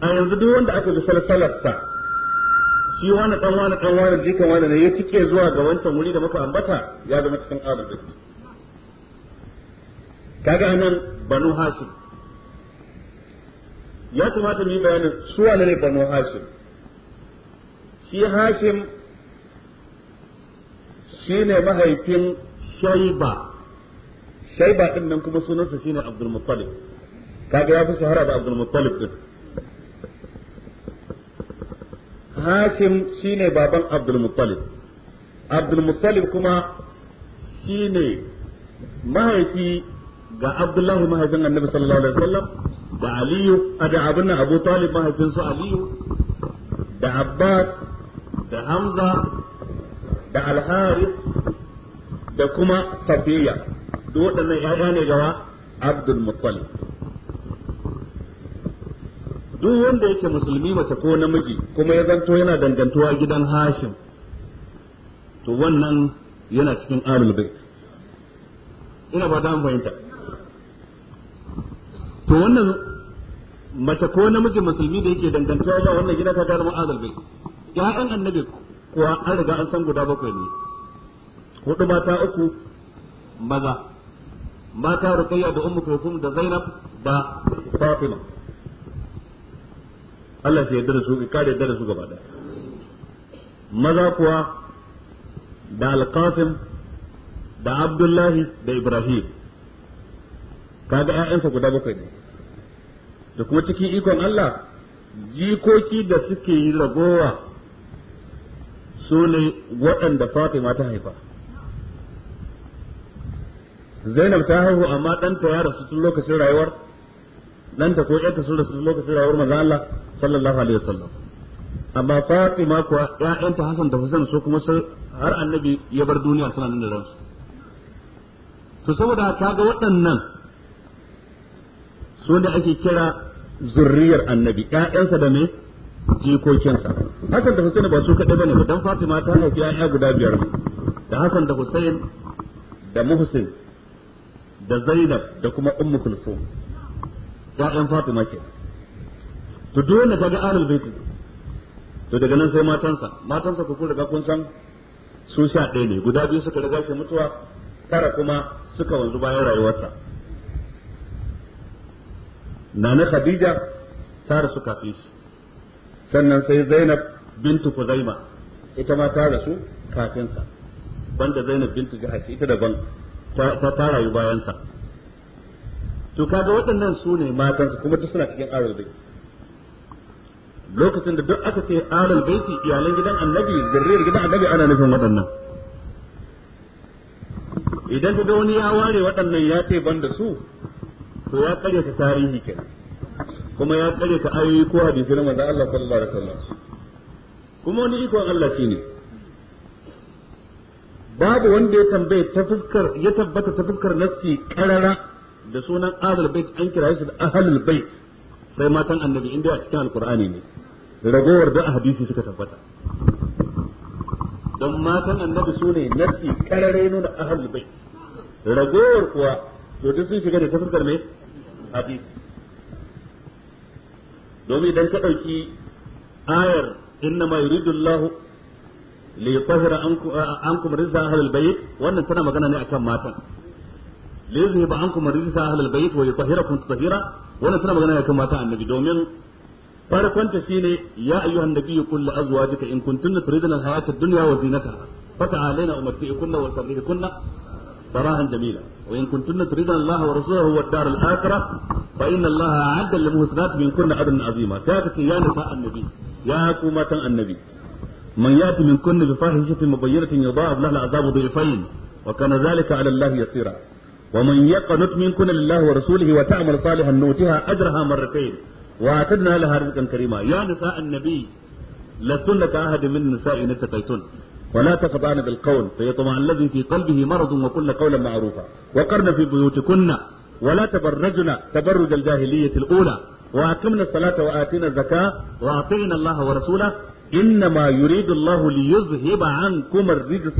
a yanzu duk wanda aka bi salsalarsa shi wani dan wani dan wani jikan wani ne ya cike zuwa ga wancan wuri da muka ambata ya zama cikin ahlul bait kaga anan banu hashim ya kamata mu yi bayanin su wane ne banu hashim shi hashim shine mahaifin shaiba shaiba ɗin nan kuma sunansa shine abdul muttalib kaga ya fi shahara da abdul ɗin hashim hashim shine baban abdul abdulmuttalib abdul shi kuma shine mahaifi ga abdullahi mahaifin annabi sallallahu alaihi wasallam da aliyu da abin abu talib mahaifinsu aliyu da abbas da hamza da alharis da kuma safiya duk waɗannan ‘ya'ya ne gawa abdul mutal duk wanda yake musulmi mace ko namiji kuma ya zanto yana dangantuwa gidan hashim to wannan yana cikin alul bait ina ba ta fahimta to wannan mace ko namiji musulmi da yake dangantuwa ga wannan gida ta zama alul bait ya'yan annabi kuwa an riga an san guda bakwai ne hudu mata uku maza mata Rukayya, da ummu kulkum da zainab da fatima Allah shi yadda da su ka yadda da su gaba da maza kuwa da alqasim da abdullahi da ibrahim kaga 'ya'yansa guda bakwai ne da kuma cikin ikon Allah jikoki da suke yi ragowa su ne waɗanda Fatima ta haifa Zainab ta haihu amma ɗanta ya rasu tun lokacin rayuwar ɗanta ko ƴanta sun rasu tun lokacin rayuwar manzo Allah sallallahu alaihi wasallam amma Fatima kuwa ƴaƴanta Hassan da Hussein su kuma sun har annabi ya bar duniya suna nan da ransu to saboda ta ga waɗannan su ne ake kira zurriyar annabi ƴaƴansa da me jikokinsa hakan da husaini ba su kaɗai ne ba dan Fatima ta haifi ƴaƴa guda biyar da Hassan da Husain da Muhsin da Zainab da kuma Ummu ya ɗan Fatima ke to dole daga Ahlul Bait to daga nan sai matansa matansa ku kun riga kun san su sha ɗaya ne guda biyu suka riga shi mutuwa tara kuma suka wanzu bayan rayuwarsa nana Khadija ta rasu kafin shi sannan sai Zainab bintu Kuzaima ita ma ta rasu kafin sa banda Zainab bintu Jahash ita daban ta ta rayu bayan sa to kaga waɗannan su ne matansa kuma duk suna cikin aral lokacin da duk aka ce aral baiti iyalan gidan annabi zurriyar gidan annabi ana nufin waɗannan idan ta wani ya ware waɗannan ya ce ban da su to ya karyata tarihi kenan kuma ya tsare ta ayoyi ko hadisi na manzon Allah sallallahu alaihi wasallam kuma wani ikon Allah shine babu wanda ya tambaye ta fuskar ya tabbata ta fuskar nassi karara da sunan ahlul bait an kira shi da ahlul bait sai matan annabi inda a cikin alqur'ani ne ragowar da hadisi suka tabbata don matan annabi su ne nassi karare da ahlul bait ragowar kuwa to duk sun shiga da tafsirar mai hadisi domin idan ka ɗauki ayar inna ma yuridu Allah li yutahhira ankum rizqa ahlul bayt wannan tana magana ne akan matan li yuzhiba ankum rizqa ahlul bayt wa yutahhirakum tutahhira wannan tana magana ne akan matan annabi domin farkon ta shine ya ayyuhan nabiyyu qul li azwajika in kuntunna turidna al-hayata ad-dunya wa zinataha fata'alayna umatti'kunna wa sarrihkunna sarahan jamila وإن كنتن تريدن الله ورسوله والدار الآخرة فإن الله أعد للمحسنات منكن أجرا عظيما كاتك يا نساء النبي يا كومة النبي من يأتي منكن بفاحشة مبينة يضاعف له العذاب ضعفين وكان ذلك على الله يسيرا ومن يقنت منكن لله ورسوله وتعمل صالحا نؤتها أجرها مرتين وأعتدنا لها رزقا كريما يا نساء النبي لستن كأحد من النساء إن اتقيتن ولا تخضعن بالقول فيطمع الذي في قلبه مرض وكل قولا معروفا وقرن في بيوتكن ولا تبرجن تبرج الجاهلية الأولى وأقمنا الصلاة وآتينا الزكاة وأطعنا الله ورسوله إنما يريد الله ليذهب عنكم الرجس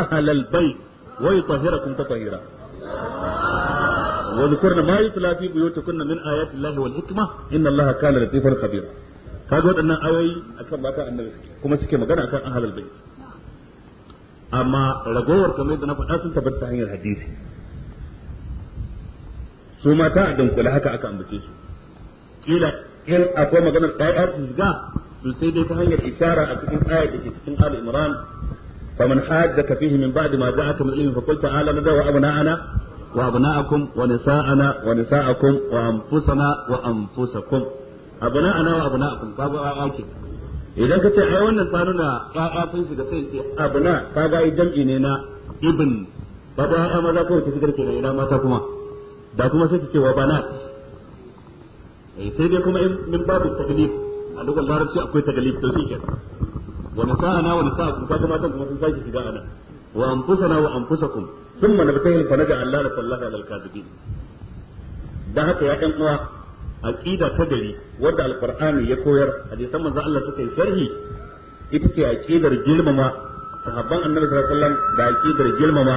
أهل البيت ويطهركم تطهيرا وذكرنا ما يتلى في بيوتكن من آيات الله والحكمة إن الله كان لطيفا خبيرا kaga waɗannan ayoyi akan mata annabi kuma suke magana akan اهل البيت. amma ragowar kamar yadda na faɗa sun tabbata hanyar hadisi su mata a dunkule haka aka ambace su kila in akwai maganar ayar tisga to sai dai ta hanyar isara a cikin ayar da ke cikin al imran faman hajjaka fihi min ba'di ma ja'aka min ilmin fa qul ta'ala nadu wa abna'ana wa abna'akum wa nisa'ana wa nisa'akum wa anfusana wa anfusakum abna'ana wa abna'akum babu a'akin idan ka ce ai wannan tsanuna ƙaƙa sun shiga sai ce na ka ga jam'i ne na ibn ba ba ya maza kawai ta shigar da ina mata kuma da kuma sai ka ce wa bana eh, sai dai kuma min babu taglib a lugar larabci akwai taglib to shi kenan wani na wani sa'akum kuma matan kuma sun sake shiga ana wa anfusana wa anfusakum thumma nabtahil fa naj'al lana sallaha lil kadibin da haka ya ɗan uwa aqida ta gari wanda alqur'ani ya koyar hadisan manzo Allah suka yi sharhi ita ce aqidar girmama sahabban annabi sallallahu alaihi wasallam da aqidar girmama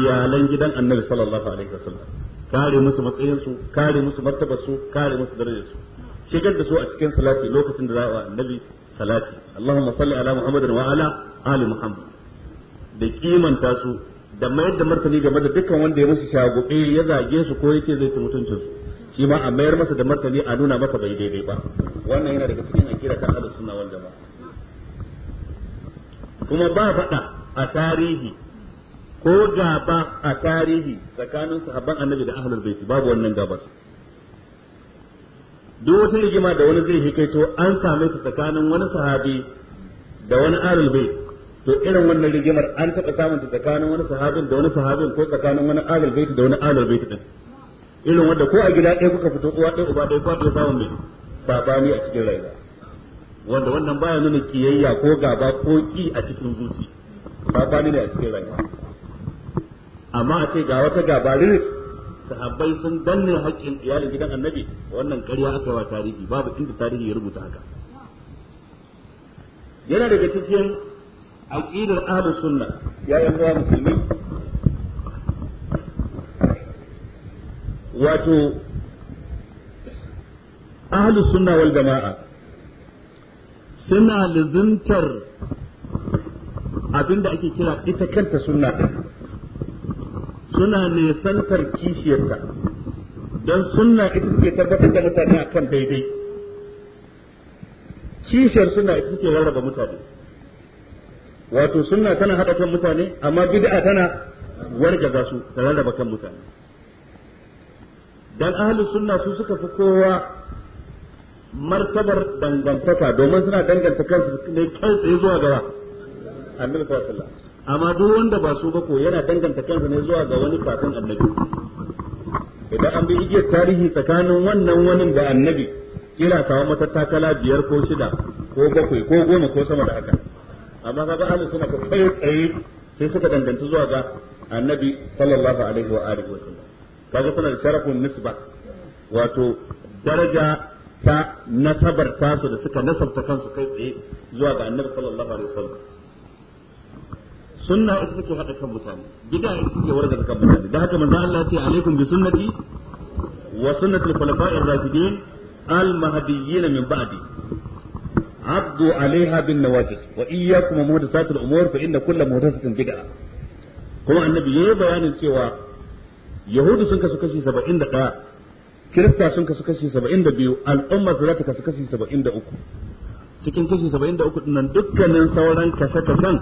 iyalan gidan annabi sallallahu alaihi wasallam kare musu matsayin su kare musu martabar su kare musu darajar su shigar da su a cikin salati lokacin da za a annabi salati Allahumma salli ala Muhammadin wa ala ali Muhammad da kimanta su da mayar da martani game da dukkan wanda ya musu shagube ya zage su ko yake zai ci mutuncin su shi ma a mayar masa da martani a nuna masa bai daidai ba wannan yana daga cikin akira ta ahlus sunna wal jamaa kuma ba faɗa a tarihi ko gaba a tarihi tsakanin sahabban annabi da ahlul bait babu wannan gabar duk wata rigima da wani zai hikaito an same ta tsakanin wani sahabi da wani ahlul bait to irin wannan rigimar an taɓa samun ta tsakanin wani sahabin da wani sahabin ko tsakanin wani ahlul bait da wani ahlul bait din irin wanda ko a gida ɗaya kuka fito uwa ɗaya uba ɗaya kwato ba ba ni a cikin rayuwa wanda wannan baya nuna kiyayya ko gaba ko ki a cikin zuci ni ne a cikin rayuwa amma a ce ga wata gaba gabarin sahabbai sun danne haƙƙin iyalin gidan annabi wannan ƙarya aka wa tarihi babu inda tarihi ya rubuta haka yana daga cikin aqidar ahlus sunna ya yi wa musulmi wato ahli sunna wal jama'a suna lizuntar abinda ake kira ita kanta sunna suna nesantar kishiyarta don sunna ita suke tabbatar da mutane akan daidai kishiyar suna ita suke rarraba mutane wato sunna tana haɗa kan mutane amma bid'a tana wargaza su rarraba kan mutane dan ahli sunna su suka fi kowa martabar dangantaka domin suna danganta kansu ne kai tsaye zuwa gaba annabi sallallahu alaihi amma duk wanda ba su ba ko yana danganta kansu ne zuwa ga wani kafin annabi idan an bi igiyar tarihi tsakanin wannan wani da annabi kila kawo matattakala biyar ko shida ko bakwai ko goma ko sama da haka amma kaga ahli sunna ko kai tsaye sai suka danganta zuwa ga annabi sallallahu alaihi wa alihi wasallam kaga suna da sharafin nisba wato daraja ta nasabar tasu da suka nasabta kansu kai tsaye zuwa ga annabi sallallahu alaihi wasallam sunna ita take hada kan mutane bid'a ita take warga kan mutane da haka manzo Allah ya ce alaikum bi sunnati wa sunnati al-khulafa'ir rashidin al-mahdiyyin min ba'di عبدوا عليها بالنواجس وإياكم ومحدثات الأمور فإن كل محدثة بدعة kuma annabi yayi bayanin cewa yahudu sun kasu kashi saba'in da ɗaya. kirista sun kasu kashi saba'in da biyu. al'umma su zata kasu kashi saba'in da uku. cikin kashi saba'in da uku dinnan dukkanin sauran kasa-kasan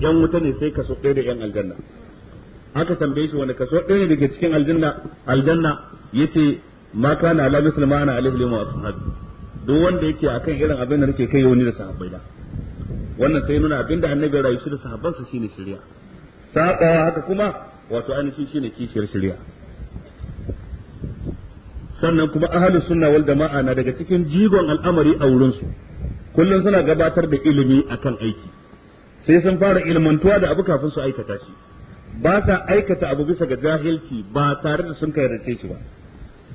yan wuta ne sai kaso ɗaya da yan aljanna aka tambaye shi wani kaso ɗaya daga cikin aljanna aljanna ce ma kana ala muslima ana alaihi wa ashabi duk wanda yake akan irin abin da nake kai yau ni da sahabbai da wannan sai nuna abinda annabi ya rayu shi da sahabbansa shine shari'a sabawa haka kuma wato ainihin shine kishiyar shari'a sannan kuma ahalus sunna wal jama'a na daga cikin jigon al'amari a wurin su kullum suna gabatar da ilimi akan aiki sai sun fara ilmantuwa da abu kafin su aikata shi ba sa aikata abu bisa ga jahilci ba tare da sun kayyace shi ba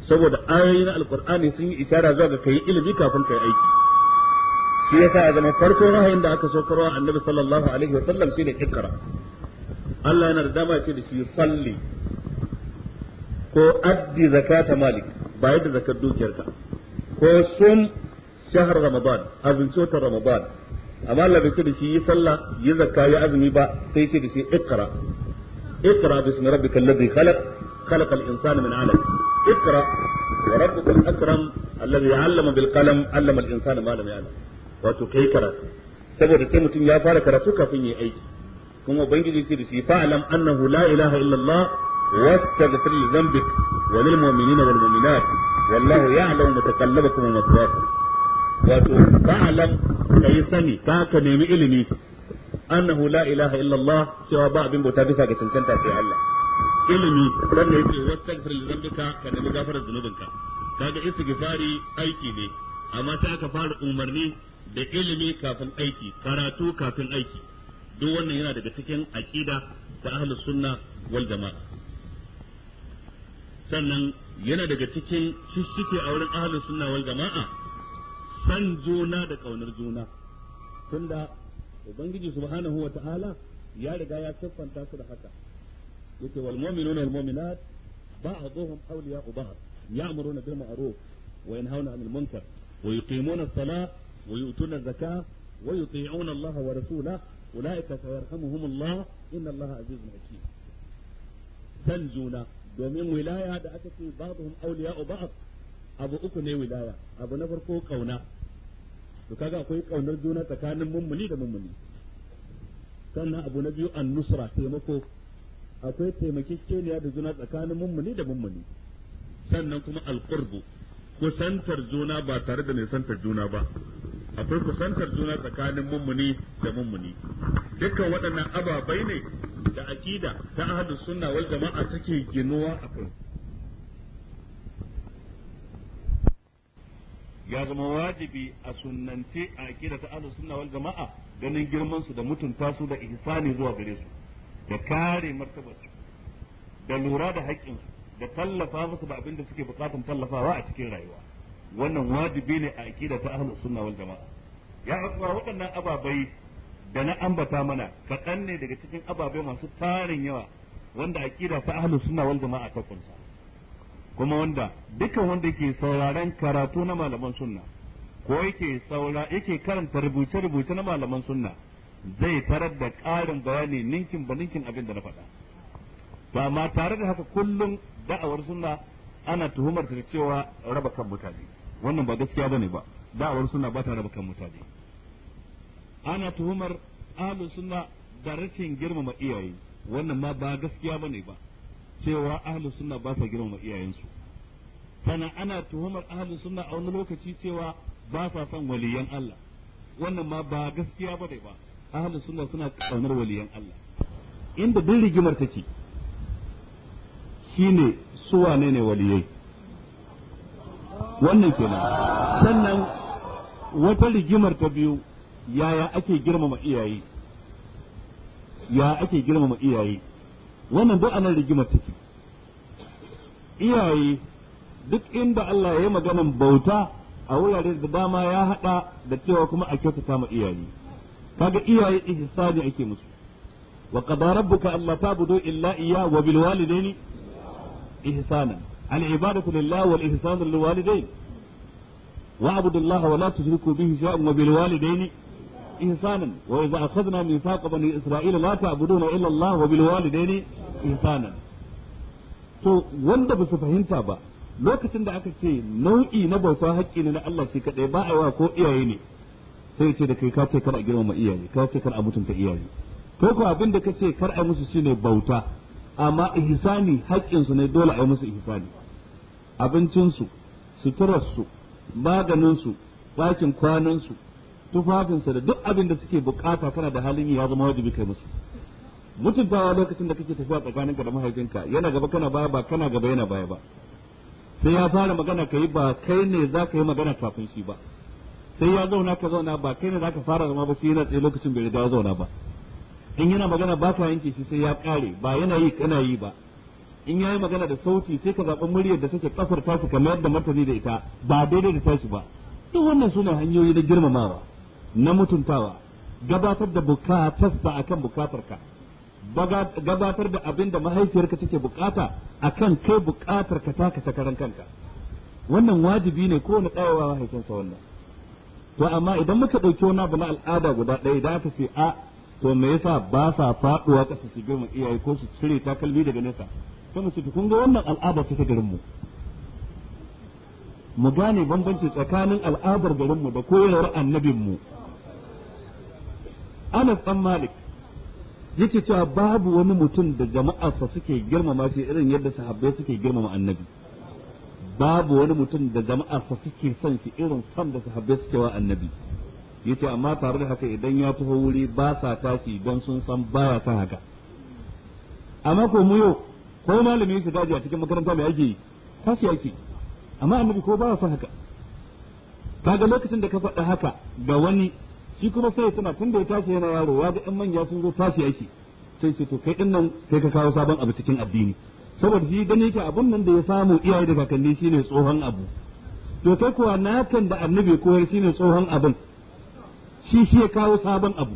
saboda ayoyin alqur'ani sun yi isharar zuwa ga kai ilimi kafin kai aiki shi yasa ya zama farkon wahayin da aka saukarwa annabi sallallahu alaihi wa sallam shine ikra Allah yana da dama ce da shi salli ko addi zakata malik ba yadda zakar dukiyarka ko sun shahar ramadan azumci watan ramadan amma Allah bai ce da shi yi sallah yi zakka yi azumi ba sai ce da shi ikra ikra bismi rabbikal ladzi khalaq khalaqal insana min 'alaq ikra wa rabbukal akram alladhi 'allama bil qalam 'allama al insana ma lam ya'lam wato kai karatu saboda sai mutum ya fara karatu kafin yi aiki kuma ubangiji ce da shi alam annahu la ilaha illallah واستغفر لذنبك وللمؤمنين والمؤمنات والله يعلم متقلبكم ومثواكم wato fa'alam ka yi sani ta ka nemi ilimi annahu la ilaha illallah cewa ba abin bauta bisa ga cancanta sai Allah ilimi wanda yake wastaghfir li dhanbika ka nemi gafarar zunubinka kaga istighfari aiki ne amma sai aka fara umarni da ilimi kafin aiki karatu kafin aiki duk wannan yana daga cikin aqida ta ahlus sunna wal jama'a sannan yana daga cikin shishike a wurin ahlus sunna wal jama'a san juna da kaunar juna tunda ubangiji subhanahu wa ta'ala ya riga ya siffanta su da haka yake wal mu'minuna wal mu'minat ba'dhuhum awliya'u ba'd ya'muruna bil ma'ruf wa yanhauna 'anil munkar wa yuqimuna as-salata wa yu'tuna az-zakata wa yuti'una Allah wa rasulahu ulaika sayarhamuhumullah inna allaha azizun hakim san juna domin wilaya da aka ce ba'dhum awliya'u ba'd abu uku ne wilaya abu na farko kauna to kaga akwai kaunar juna tsakanin mummuni da mummuni sannan abu na biyu an nusra taimako akwai taimakekeniya da juna tsakanin mummuni da mummuni sannan kuma alqurbu kusantar juna ba tare da nisantar juna ba akwai kusantar juna tsakanin mummuni da mummuni dukkan waɗannan ababai ne da aƙida ta ahlus sunna wal jama'a take ginuwa kai ya zama wajibi a sunance a aƙida ta ahlus sunna wal jama'a ganin girman su da mutunta su da ihsani zuwa gare su da kare martabar da lura da haƙƙin su da tallafa musu da abin da suke bukatan tallafawa a cikin rayuwa wannan wajibi ne a aqida ta ahlus sunna wal jama'a ya akwa waɗannan ababai da na ambata mana kaɗan ne daga cikin ababai masu tarin yawa wanda aqida ta ahlus sunna wal jama'a ta kunsa kuma wanda dukkan wanda ke sauraron karatu na malaman sunna ko yake saura yake karanta rubuce rubuce na malaman sunna zai tarar da ƙarin bayani ninkin ba ninkin abin da na faɗa ba ma tare da haka kullum da'awar sunna ana tuhumar ta cewa raba kan mutane wannan ba gaskiya bane ba da'awar suna ba ta raba kan mutane ana tuhumar ahlus sunna da rashin girmama iyaye wannan ma ba gaskiya bane ba cewa ahlus sunna ba sa girmama iyayensu sannan ana tuhumar ahlus sunna a wani lokaci cewa ba sa son waliyan Allah wannan ma ba gaskiya bane ba ahlus sunna suna kaunar waliyan Allah inda duk rigimar take shine su wane ne waliyai wannan kenan sannan wata rigimar ta biyu yaya ake girmama iyaye ya ake girmama iyaye wannan duk anan rigimar take iyaye duk inda Allah ya yi maganan bauta a wurare da dama ya hada da cewa kuma a kyautata ma iyaye kaga iyaye ihsani ake musu wa qada rabbuka alla ta'budu illa iya wa bil walidaini ihsana العبادة لله والإحسان للوالدين واعبدوا الله ولا تشركوا به شيئا وبالوالدين إحسانا وإذا أخذنا ميثاق بني إسرائيل لا تعبدون إلا الله وبالوالدين إحسانا to wanda ba su fahimta ba lokacin da aka ce nau'i na bauta haƙƙi ne na Allah shi kaɗai ba a wa ko iyaye ne sai ce da kai ka ce kar a girmama iyaye ka ce kar a mutunta iyaye ko ko abin da ka ce kar a musu shine bauta amma ihsani haƙƙin su ne dole a yi musu ihsani abincin su suturar su maganin su ɗakin kwanan su da duk abin da suke bukata kana da halin ya zama wajibi kai musu mutuntawa lokacin da kake tafiya tsakaninka da mahaifinka yana gaba kana baya ba kana gaba yana baya ba sai ya fara magana ka yi ba kai ne za ka yi magana kafin shi ba sai ya zauna ka zauna ba kai ne za ka fara zama ba sai yana tsaye lokacin bai riga zauna ba in yana magana ba ta yanke shi sai ya kare ba yana yi kana yi ba in yayi magana da sauti sai ka zaɓi muryar da take kasar tashi kamar yadda martani da ita ba daidai da tashi ba duk wannan sune hanyoyi na girmamawa na mutuntawa gabatar da ta akan ka gabatar da abin da mahaifiyarka take bukata akan kai bukatar taka ta karan kanka wannan wajibi ne ko na ɗayawa mahaifinsa wannan to amma idan muka ɗauki wani abu na al'ada guda ɗaya da aka ce a to me yasa ba sa faduwa kasa su girma iyaye ko su cire takalmi daga nesa sai mu ce kun ga wannan al'ada ta garin mu mu gane bambanci tsakanin al'adar garin mu da koyarwar annabin mu Anas dan Malik yake cewa babu wani mutum da jama'arsa suke girmama shi irin yadda sahabbai suke girmama annabi babu wani mutum da jama'arsa suke son shi irin son da sahabbai suke wa annabi yace amma tare da haka idan ya taho wuri ba sa tashi don sun san baya san haka amma ko mu yau ko malami shi daji a cikin makaranta mai ake tashi yake amma annabi ko baya san haka kaga lokacin da ka faɗa haka ga wani shi kuma sai tana tun da ya tashi yana yaro ya ga ɗan manya sun zo tashi yake sai ce to kai din nan sai ka kawo sabon abu cikin addini saboda shi gani yake abun nan da ya samu iyaye da kakanni shine tsohon abu to kai kuwa nakan da annabi koyar shine tsohon abin shi shi ya kawo sabon abu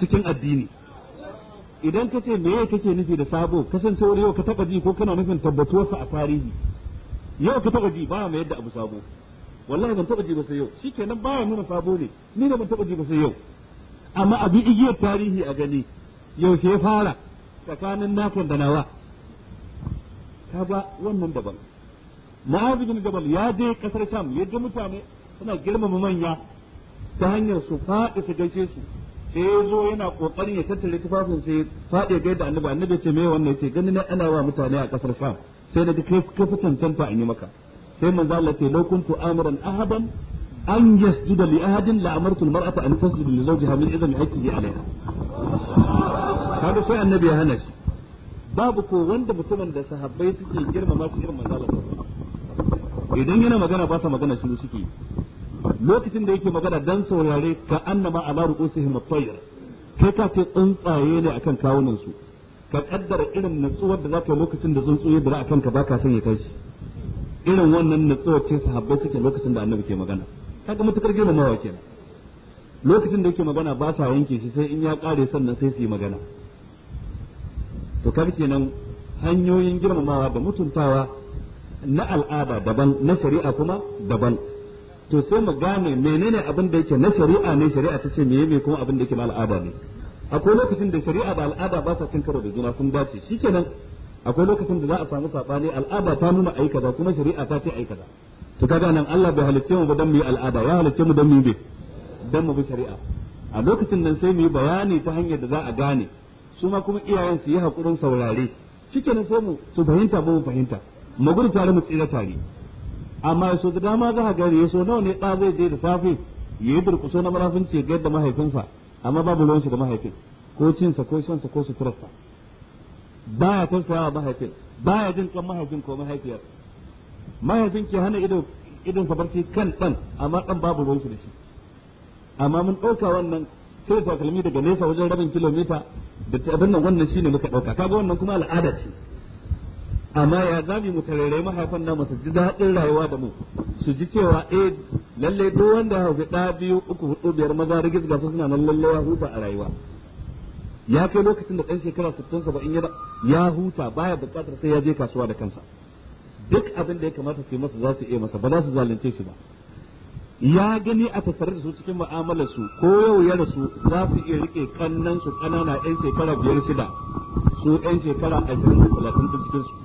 cikin addini idan ka ce meye kake nufi da sabo wani yau ka taba ji ko kana nufin tabbatuwarsa a tarihi yau ka taba ji ba mu yadda abu sabo wallahi ban taba ji ba sai yau shikenan ba mu nuna sabo ne ni da ban taba ji ba sai yau amma abin igiyar tarihi a gani yau sai fara tsakanin nakon da nawa kaga wannan daban Mu'adh bin Jabal ya je kasar Sham ya mutane suna girmama manya ta hanyar su faɗi su gaishe su sai ya zo yana kokarin ya tattare tufafin sai faɗi ya gaida annabi annabi ce me wannan ce ganin ana wa mutane a kasar sham sai naga kai ka fi cancanta in yi maka sai manzo Allah ce law kuntu amiran ahaban an yasjuda li ahadin la amartu almar'ata an tasjuda li zawjiha min idan hakki alaiha kaga sai annabi ya hana shi babu ko wanda mutumin da sahabbai suke girmama su irin manzo Allah idan yana magana ba sa magana shiru suke lokacin da yake magana dan saurare ka annama ala ru'usihim at kai ka ce tsuntsaye ne akan kawunan su ka kaddara irin natsuwar da zaka lokacin da tsuntsu ya akan ka baka son ya shi. irin wannan natsuwar ce sahabbai suke lokacin da annabi ke magana kaga matukar mawa kenan lokacin da yake magana ba sa yanke shi sai in ya kare sannan sai su yi magana to kar kenan hanyoyin girmamawa da mutuntawa na al'ada daban na shari'a kuma daban to sai mu gane menene abin da yake na shari'a ne shari'a ta ce meye me kuma abin da yake na al'ada ne akwai lokacin da shari'a da al'ada ba sa cin da juna sun bace shikenan akwai lokacin da za a samu sabani al'ada ta nuna ai kaza kuma shari'a ta ce ai kaza to kaga nan Allah bai halicce mu ba dan mu yi al'ada ya halicce mu dan mu yi dan mu bi shari'a a lokacin nan sai mu yi bayani ta hanyar da za a gane su ma kuma iyayen su yi hakurin saurare shikenan sai mu su fahimta ba mu fahimta mu gudu tare mu tsira tare amma yaso da dama za ka gari yaso nawa ne ɗa zai je da safe ya yi durƙuso na marafinci ya ga yadda mahaifinsa amma babu ruwan da mahaifin ko cinsa ko shansa ko suturarsa baya wa mahaifin ba ya jin kan mahaifin ko mahaifiyar mahaifin ke hana ido idon sa kan ɗan amma ɗan babu ruwan shi da shi amma mun ɗauka wannan sai takalmi daga nesa wajen rabin kilomita da abin nan wannan shine muka ɗauka kaga wannan kuma al'ada ce amma ya zami mu tarare mahaifan namu su ji daɗin rayuwa da mu su ji cewa eh lalle duk wanda ya ɗa biyu uku hudu biyar maza rigis ga su suna nan lalle ya huta a rayuwa ya kai lokacin da ɗan shekara sittin saba'in ya ya huta baya buƙatar sai ya je kasuwa da kansa duk abin da ya kamata su yi masa za su iya masa ba za su zalunce shi ba ya gani a tattare da su cikin mu'amalar su ko yau ya rasu za su iya rike kannan su ƙanana ɗan shekara biyar shida su ɗan shekara ashirin da talatin cikin su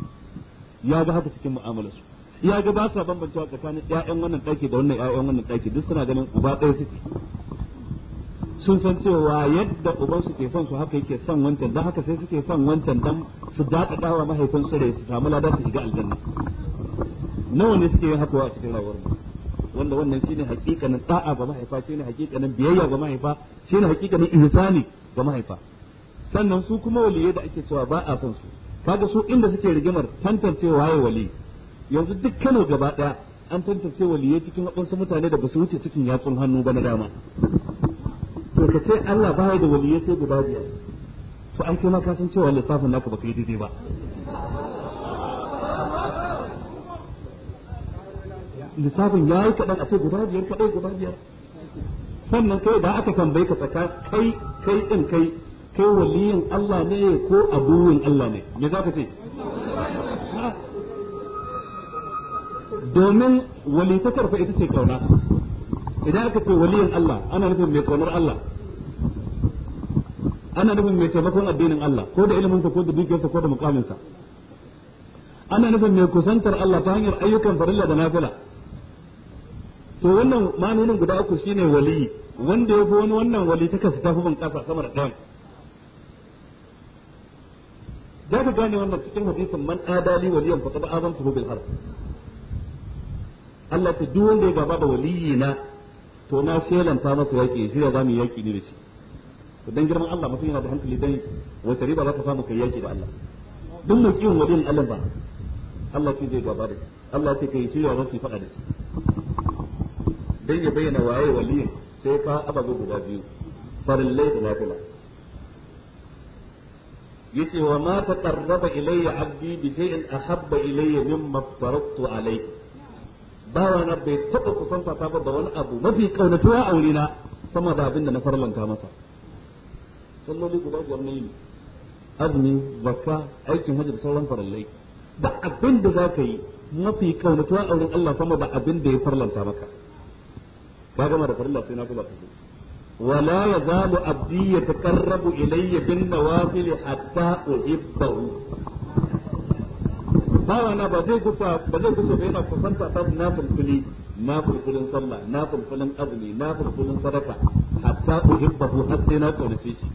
ya ga haka cikin su ya ga ba sa bambancewa tsakanin ɗaya'n wannan ɗaki da wannan ɗaya'n wannan ɗaki duk suna ganin uba ɗaya suke sun san cewa yadda su ke son su haka yake son wancan dan haka sai suke son wancan dan su daɗaɗa wa mahaifinsu da su samu lada su shiga aljanna nawa ne suke yin haka a cikin rawar mu wanda wannan shine hakikanin da'a ga mahaifa shine hakikanin biyayya ga mahaifa shine hakikanin ihsani ga mahaifa sannan su kuma waliyai da ake cewa ba a son su kaga su inda suke rigimar tantancewa waye wali yanzu duk Kano gaba daya an tantance ya cikin waɗansu mutane da ba su wuce cikin yatsun hannu ba na dama to ka ce Allah ba da wali sai guda biyar to an kai ma ka san cewa lissafin naka baka yi daidai ba lissafin ya yi kaɗan a ce guda biyar kaɗai guda biyar sannan kai da aka tambaye ka tsaka kai kai ɗin kai ko waliyin Allah ne ko abuwin Allah ne me za ka ce domin walitakar fa ita ce kauna idan aka ce waliyin Allah ana nufin mai kaunar Allah ana nufin mai taimakon addinin Allah ko da iliminsa ko da dukiyarsa ko da sa ana nufin mai kusantar Allah ta hanyar ayyukan farilla da nafila to wannan ma'anonin guda uku shine waliyi wanda ya wani wannan wali ta kasu tafi bin kasa sama da ɗayan za ku gane wannan cikin hadisin man adali waliyan faqad azamtu bil harb Allah ta duk wanda ya gaba da waliyi na to na shelanta masa yaki shi da zamu yaki ne da shi to dan girman Allah mutum yana da hankali dan wace riba za ka samu kai yaki da Allah duk mai kiwon waliyan Allah ba Allah shi zai gaba da shi Allah sai kai shi ya rafi faɗa da shi dan ya bayyana waye waliyin sai fa ababe guda biyu farillai da lafiya yace wa ma taqarraba ilayya abdi bi shay'in ahabba ilayya mimma faradtu alayhi bawa bai taba kusanta ta ba a wurina sama da abin da na farlanta da abin da za ka yi mafi kaunatuwa a wurin Allah sama da abin da ya farlanta maka ka gama da sai na ka ولا يزال عبدي يتقرب إلي بالنوافل حتى أحبه bawana ba zai gusa ba zai gusa ba yana kusanta ta na fulfuli na fulfulin sallah na fulfulin azumi na fulfulin sadaka hatta uhibbahu har sai na kaunace shi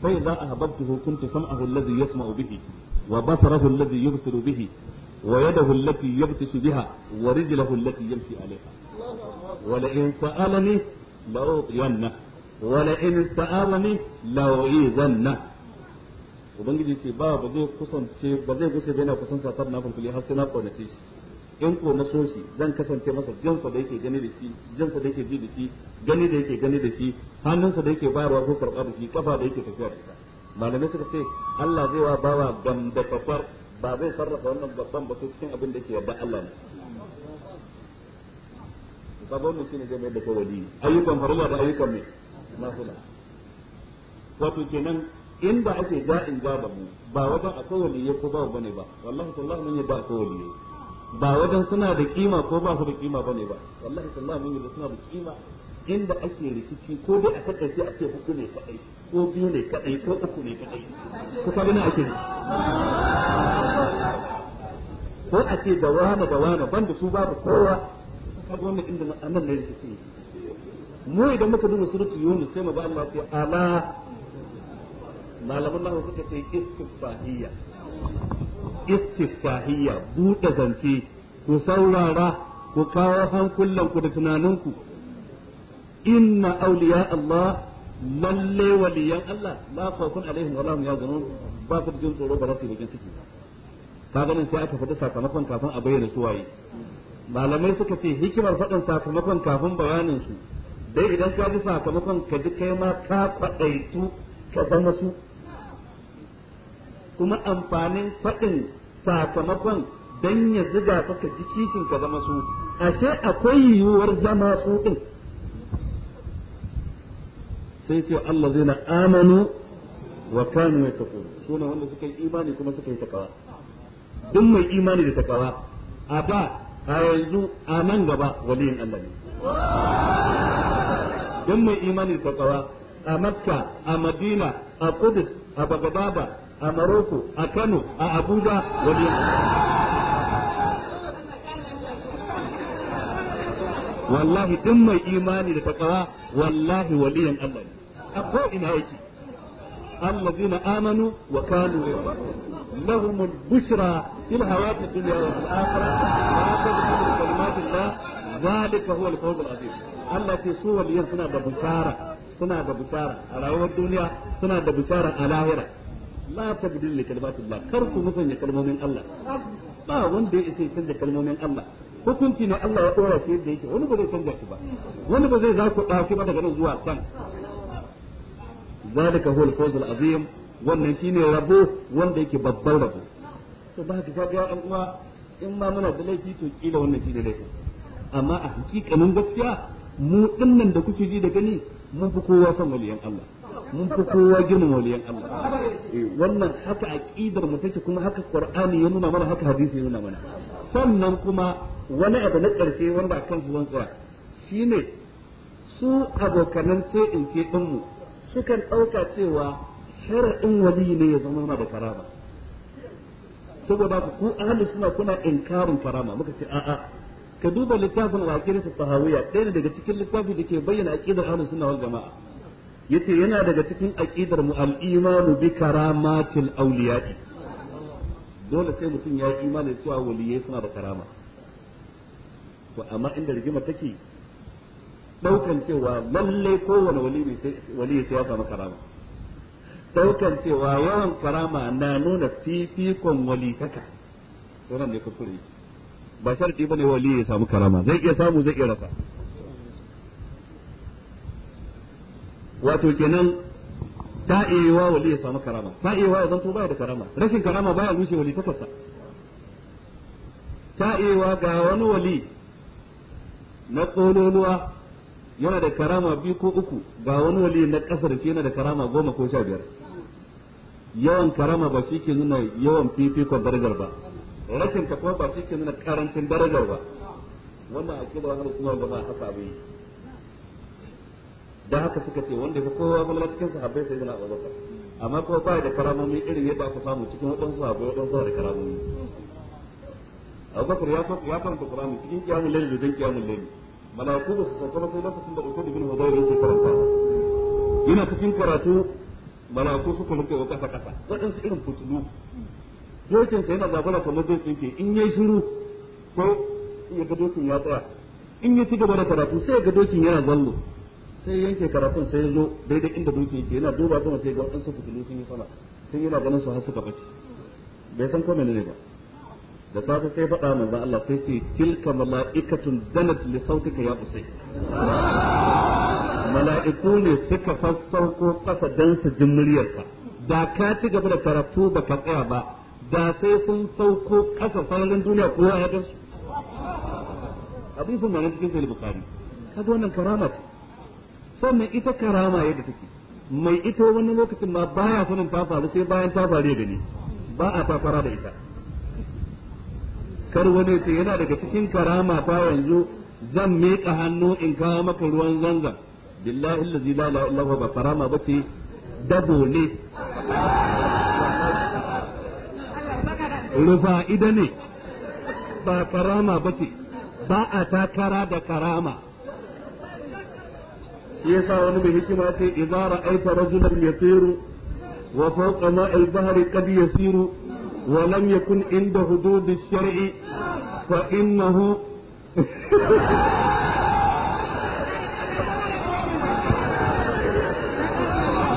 fa idza ahbabtuhu kuntu sam'ahu alladhi yasma'u bihi wa basarahu alladhi yubsiru bihi wa yadahu allati yabtashu biha wa la'uyanna ولئن سألني in ubangiji ce ba ba zai kusance ba zai gushe yana kusanta sar na fulfuli har sai na shi in ko na so shi zan kasance masa jinsa da yake gani da shi da yake ji da shi gani da yake gani da shi da yake bayarwa ko karɓa da shi kafa da yake tafiya da ita malamai suka Allah zai wa ba zai sarrafa wannan babban ba cikin abin da yake ba Allah sabon mu shine zai mai da kawali. ayyukan farilla da ayyukan ne nafila wato kenan in ba ake in ga ba mu ba wajen akwai ya ko ba bane ba wallahi sallahu mun yadda akwai kawali. ba wajen suna da kima ko ba su da kima bane ba wallahi sallahu mun yadda suna da kima inda ake rikici ko dai a takaice a ce huku ne kadai ko biyu ne kadai ko uku ne kadai ko sabi na ake ko a ce da wani da wani banda su babu kowa kaga wannan inda annan ne yake mu idan muka duba suratu yunus sai mu ba Allah ko ala malaman Allah suka ce istifahiyya istifahiyya buɗe zance ku saurara ku kawo hankulan ku da tunaninku inna awliya Allah lalle waliyan Allah la khawfun alaihim wa lahum yahzanun ba su jin tsoro ba rafi bakin ciki ka ganin sai aka fada sakamakon kafin a bayyana su waye malamai suka ce hikimar faɗin sakamakon kafin bayanin shi dai idan ka ji sakamakon ka ji kai ma ka kwaɗaitu ka zama su kuma amfanin faɗin sakamakon dan ya ziga ka ji kishin ka zama su ashe akwai yiwuwar zama su ɗin sai ce Allah zai na amanu wa kanu ya tafi suna wanda suka yi imani kuma suka yi takawa duk mai imani da takawa a ba a yanzu a nan gaba waliyin Allah ne don mai imani kwakwawa a makka a madina a kudus a bagababa a maroko a kano a abuja waliyin wallahi duk mai imani da takawa wallahi waliyan Allah ne a ko ina yake الذين آمنوا وكانوا يتقون لهم البشرى في الحياة الدنيا وفي الآخرة وأكبر كلمات الله ذلك هو الفوز العظيم التي صور لي سنة بشارة سنة بشارة على الدنيا سنة بشارة على الآخرة لا تبدل لكلمات الله كركم مثلا كلمة الله ba wanda ya isa canza kalmomin Allah hukunci ne Allah ya dora shi yadda yake wani ba zai canza shi ba wani ba zai za ku ɗauki ba daga nan zuwa can zalika huwa al-fawz al-azim wannan shine rabo wanda yake babban rabo to ba ka ga an uwa in ma muna da laifi to kila wannan shi ne laifi. amma a hakikanin gaskiya mu dinnan da kuke ji da gani mun fi kowa son waliyan Allah mun fi kowa girmama waliyan Allah eh, wannan haka aqidar mu take kuma haka Qur'ani ya nuna mana haka hadisi ya nuna mana sannan kuma wani abu na ƙarshe wanda akan su wanzuwa shine su abokanan sai in ce dinmu sukan ɗauka cewa shara'in wali ne ya zama yana da karama saboda ku ahli suna kuna inkarin farama muka ce a'a ka duba littafin aqidatu tahawiyya ɗaya daga cikin littafin da ke bayyana aqidar ahli sunna wal jama'a yace yana daga cikin aqidar mu al-imanu bi karamatil awliya'i dole sai mutum ya yi imanin cewa waliyai suna da karama to amma inda rigima take daukan cewa lalle kowane wali sai wali ya samu karama daukan cewa yawan karama na nuna fifikon walitaka wannan ne kuskure ba sharti bane wali ya samu karama zai iya samu zai iya rasa wato kenan ta iya wali ya samu karama ta iya wa ya zanto baya da karama rashin karama baya rushe wali ta iya ga wani wali na kololuwa yana da karama biyu ko uku ga wani wali na kasar shi yana da karama goma ko sha biyar yawan karama ba shi ke nuna yawan fifikon darajar ba rashin ta kuma ba shi ke nuna karancin darajar ba wannan a kibar wani kuma ba haka abu yi da haka suka ce wanda ya kowa mala cikin sahabbai sai yana abubakar amma kuma ba da karamomi irin yadda aka samu cikin waɗansu sahabbai waɗansu da karamomi abubakar ya san ya san cikin kiyamun lalle da zan kiyamun lalle. malaiku ba su sauka ba sai lokacin da usaid bin hudayr yake karanta yana cikin karatu malaku suka rike wa kasa kasa Waɗansu irin fitilu dokin sa yana zabara kamar dokin tsinke in yayi shiru ko ya ga dokin ya tsaya in ya ci gaba da karatu sai ga dokin yana zallo sai yanke karatun sai ya zo daidai inda dokin yake yana duba sama sai ga waɗansu fitilu sun yi sama sai yana ganin su har suka bace bai san ko menene ba da safe sai faɗa manzo Allah sai ce tilka mala'ikatun danat li sautika ya usay mala'iku ne suka fassauko kasa dan su jin muryarka da ka ci gaba da karatu ba ka tsaya ba da sai sun sauko kasa sararin duniya kowa ya gansu hadisin nan cikin sai bukari kaga wannan karama ce sannan ita karama yadda take mai ita wani lokacin ma baya sanin ta faru sai bayan ta faru da ni ba a fafara da ita kar wani ce yana daga cikin karama fa yanzu zan miƙa hannu in kawo maka ruwan zanga billahi allazi la ilaha illa huwa ba karama bace dabo ne rufa ida ne ba karama bati ba a takara da karama shi yasa wani mai hikima ce idza ra'aita rajulan yasiru wa fawqa ma'il bahri qad yasiru ولم يكن عند حدود الشرع فإنه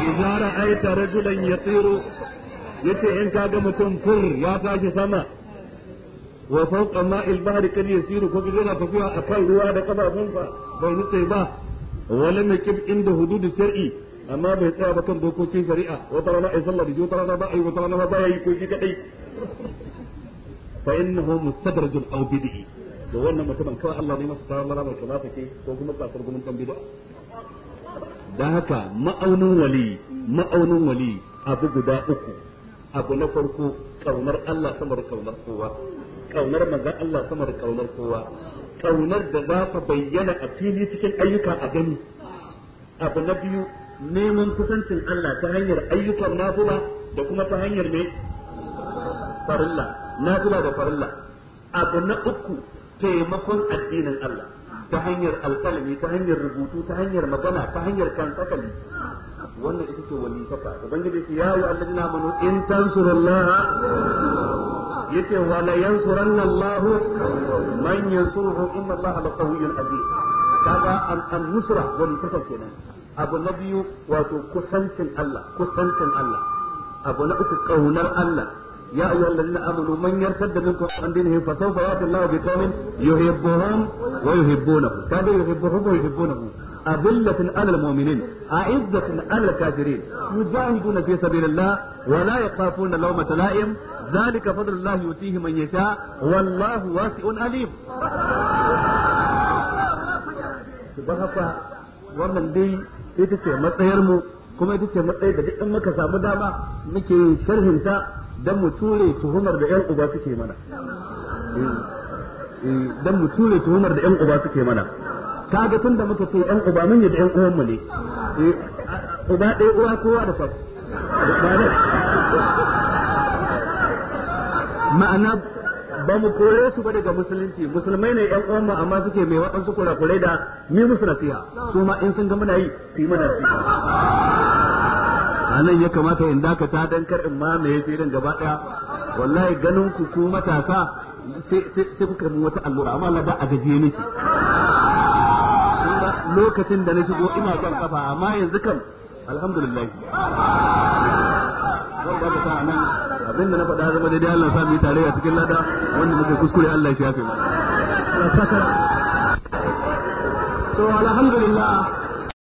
إذا رأيت رجلا يطير يتي إن كاد متنفر يا تاج سما وفوق ماء البحر قد يسير فبغيرها ففيها أقل رواد كما فنفا بين الطيبة ولم يكب عند حدود الشرع amma bai tsaya ba kan dokokin shari'a wata rana ai sallah da wata rana ba ai wata rana ba yi ko shi kadai fa innahu mustadrajun aw bid'i to wannan mutumin kawai Allah ne masa tawalla mai kama take ko kuma kasar gumin kan bid'a dan haka ma'aunin wali ma'aunin wali abu guda uku abu na farko kaunar Allah sama da kaunar kowa kaunar manzon Allah sama da kaunar kowa kaunar da za ta bayyana a fili cikin ayyuka a gani abu na biyu neman kusancin Allah ta hanyar ayyukan nafila da kuma ta hanyar ne farilla nafila da farilla abu na uku taimakon addinin Allah ta hanyar alƙalami ta hanyar rubutu ta hanyar magana ta hanyar kan tsakali wannan ita ce wani saka ubangiji ce ya Allah na amanu in tansurullaha yace wa la yansuranna Allahu man yansuruhu inna Allaha laqawiyyun aziz kaga an nusra wani saka kenan abu na biyu wato kusancin Allah kusancin Allah abu na uku kaunar Allah ya ayyuhal ladina amanu man yartadda minkum an dinihi fa sawfa yati Allahu bi qaumin yuhibbuhum wa yuhibbunahu kada yuhibbuhum wa yuhibbunahu أذلة على المؤمنين أعزة على الكافرين يجاهدون في سبيل الله ولا يخافون لومة لائم ذلك فضل الله يؤتيه من يشاء والله واسع عليم don haka wannan ita ce matsayar mu kuma ita ce matsayi da duk in muka samu dama muke yin sharhin ta dan mu ture tuhumar da yan uba suke mana eh, eh, dan mu ture tuhumar da yan uba suke mana kaga tunda muka ce yan uba mun yi da yan uwan mu ne eh, uba ɗaya uwa kowa da fa ma'ana ba mu kore su ba daga musulunci musulmai ne yan uwan amma suke mai waɗansu kurakurai da mi musu nasiha su ma in sun ga muna yi su yi mana nasiha a ya kamata in dakata dan kar in ma mai gabaɗaya. gaba daya wallahi ganin ku ku matasa sai kuka mu wata allura amma Allah ba a gajiye niki lokacin da na shigo ina kan kafa amma yanzu kan. alhamdulillah zan ba da sa nan abin da na faɗa zama daidai Allah sa mu tare a cikin lada wanda muke kuskure Allah ya shafe mana to alhamdulillah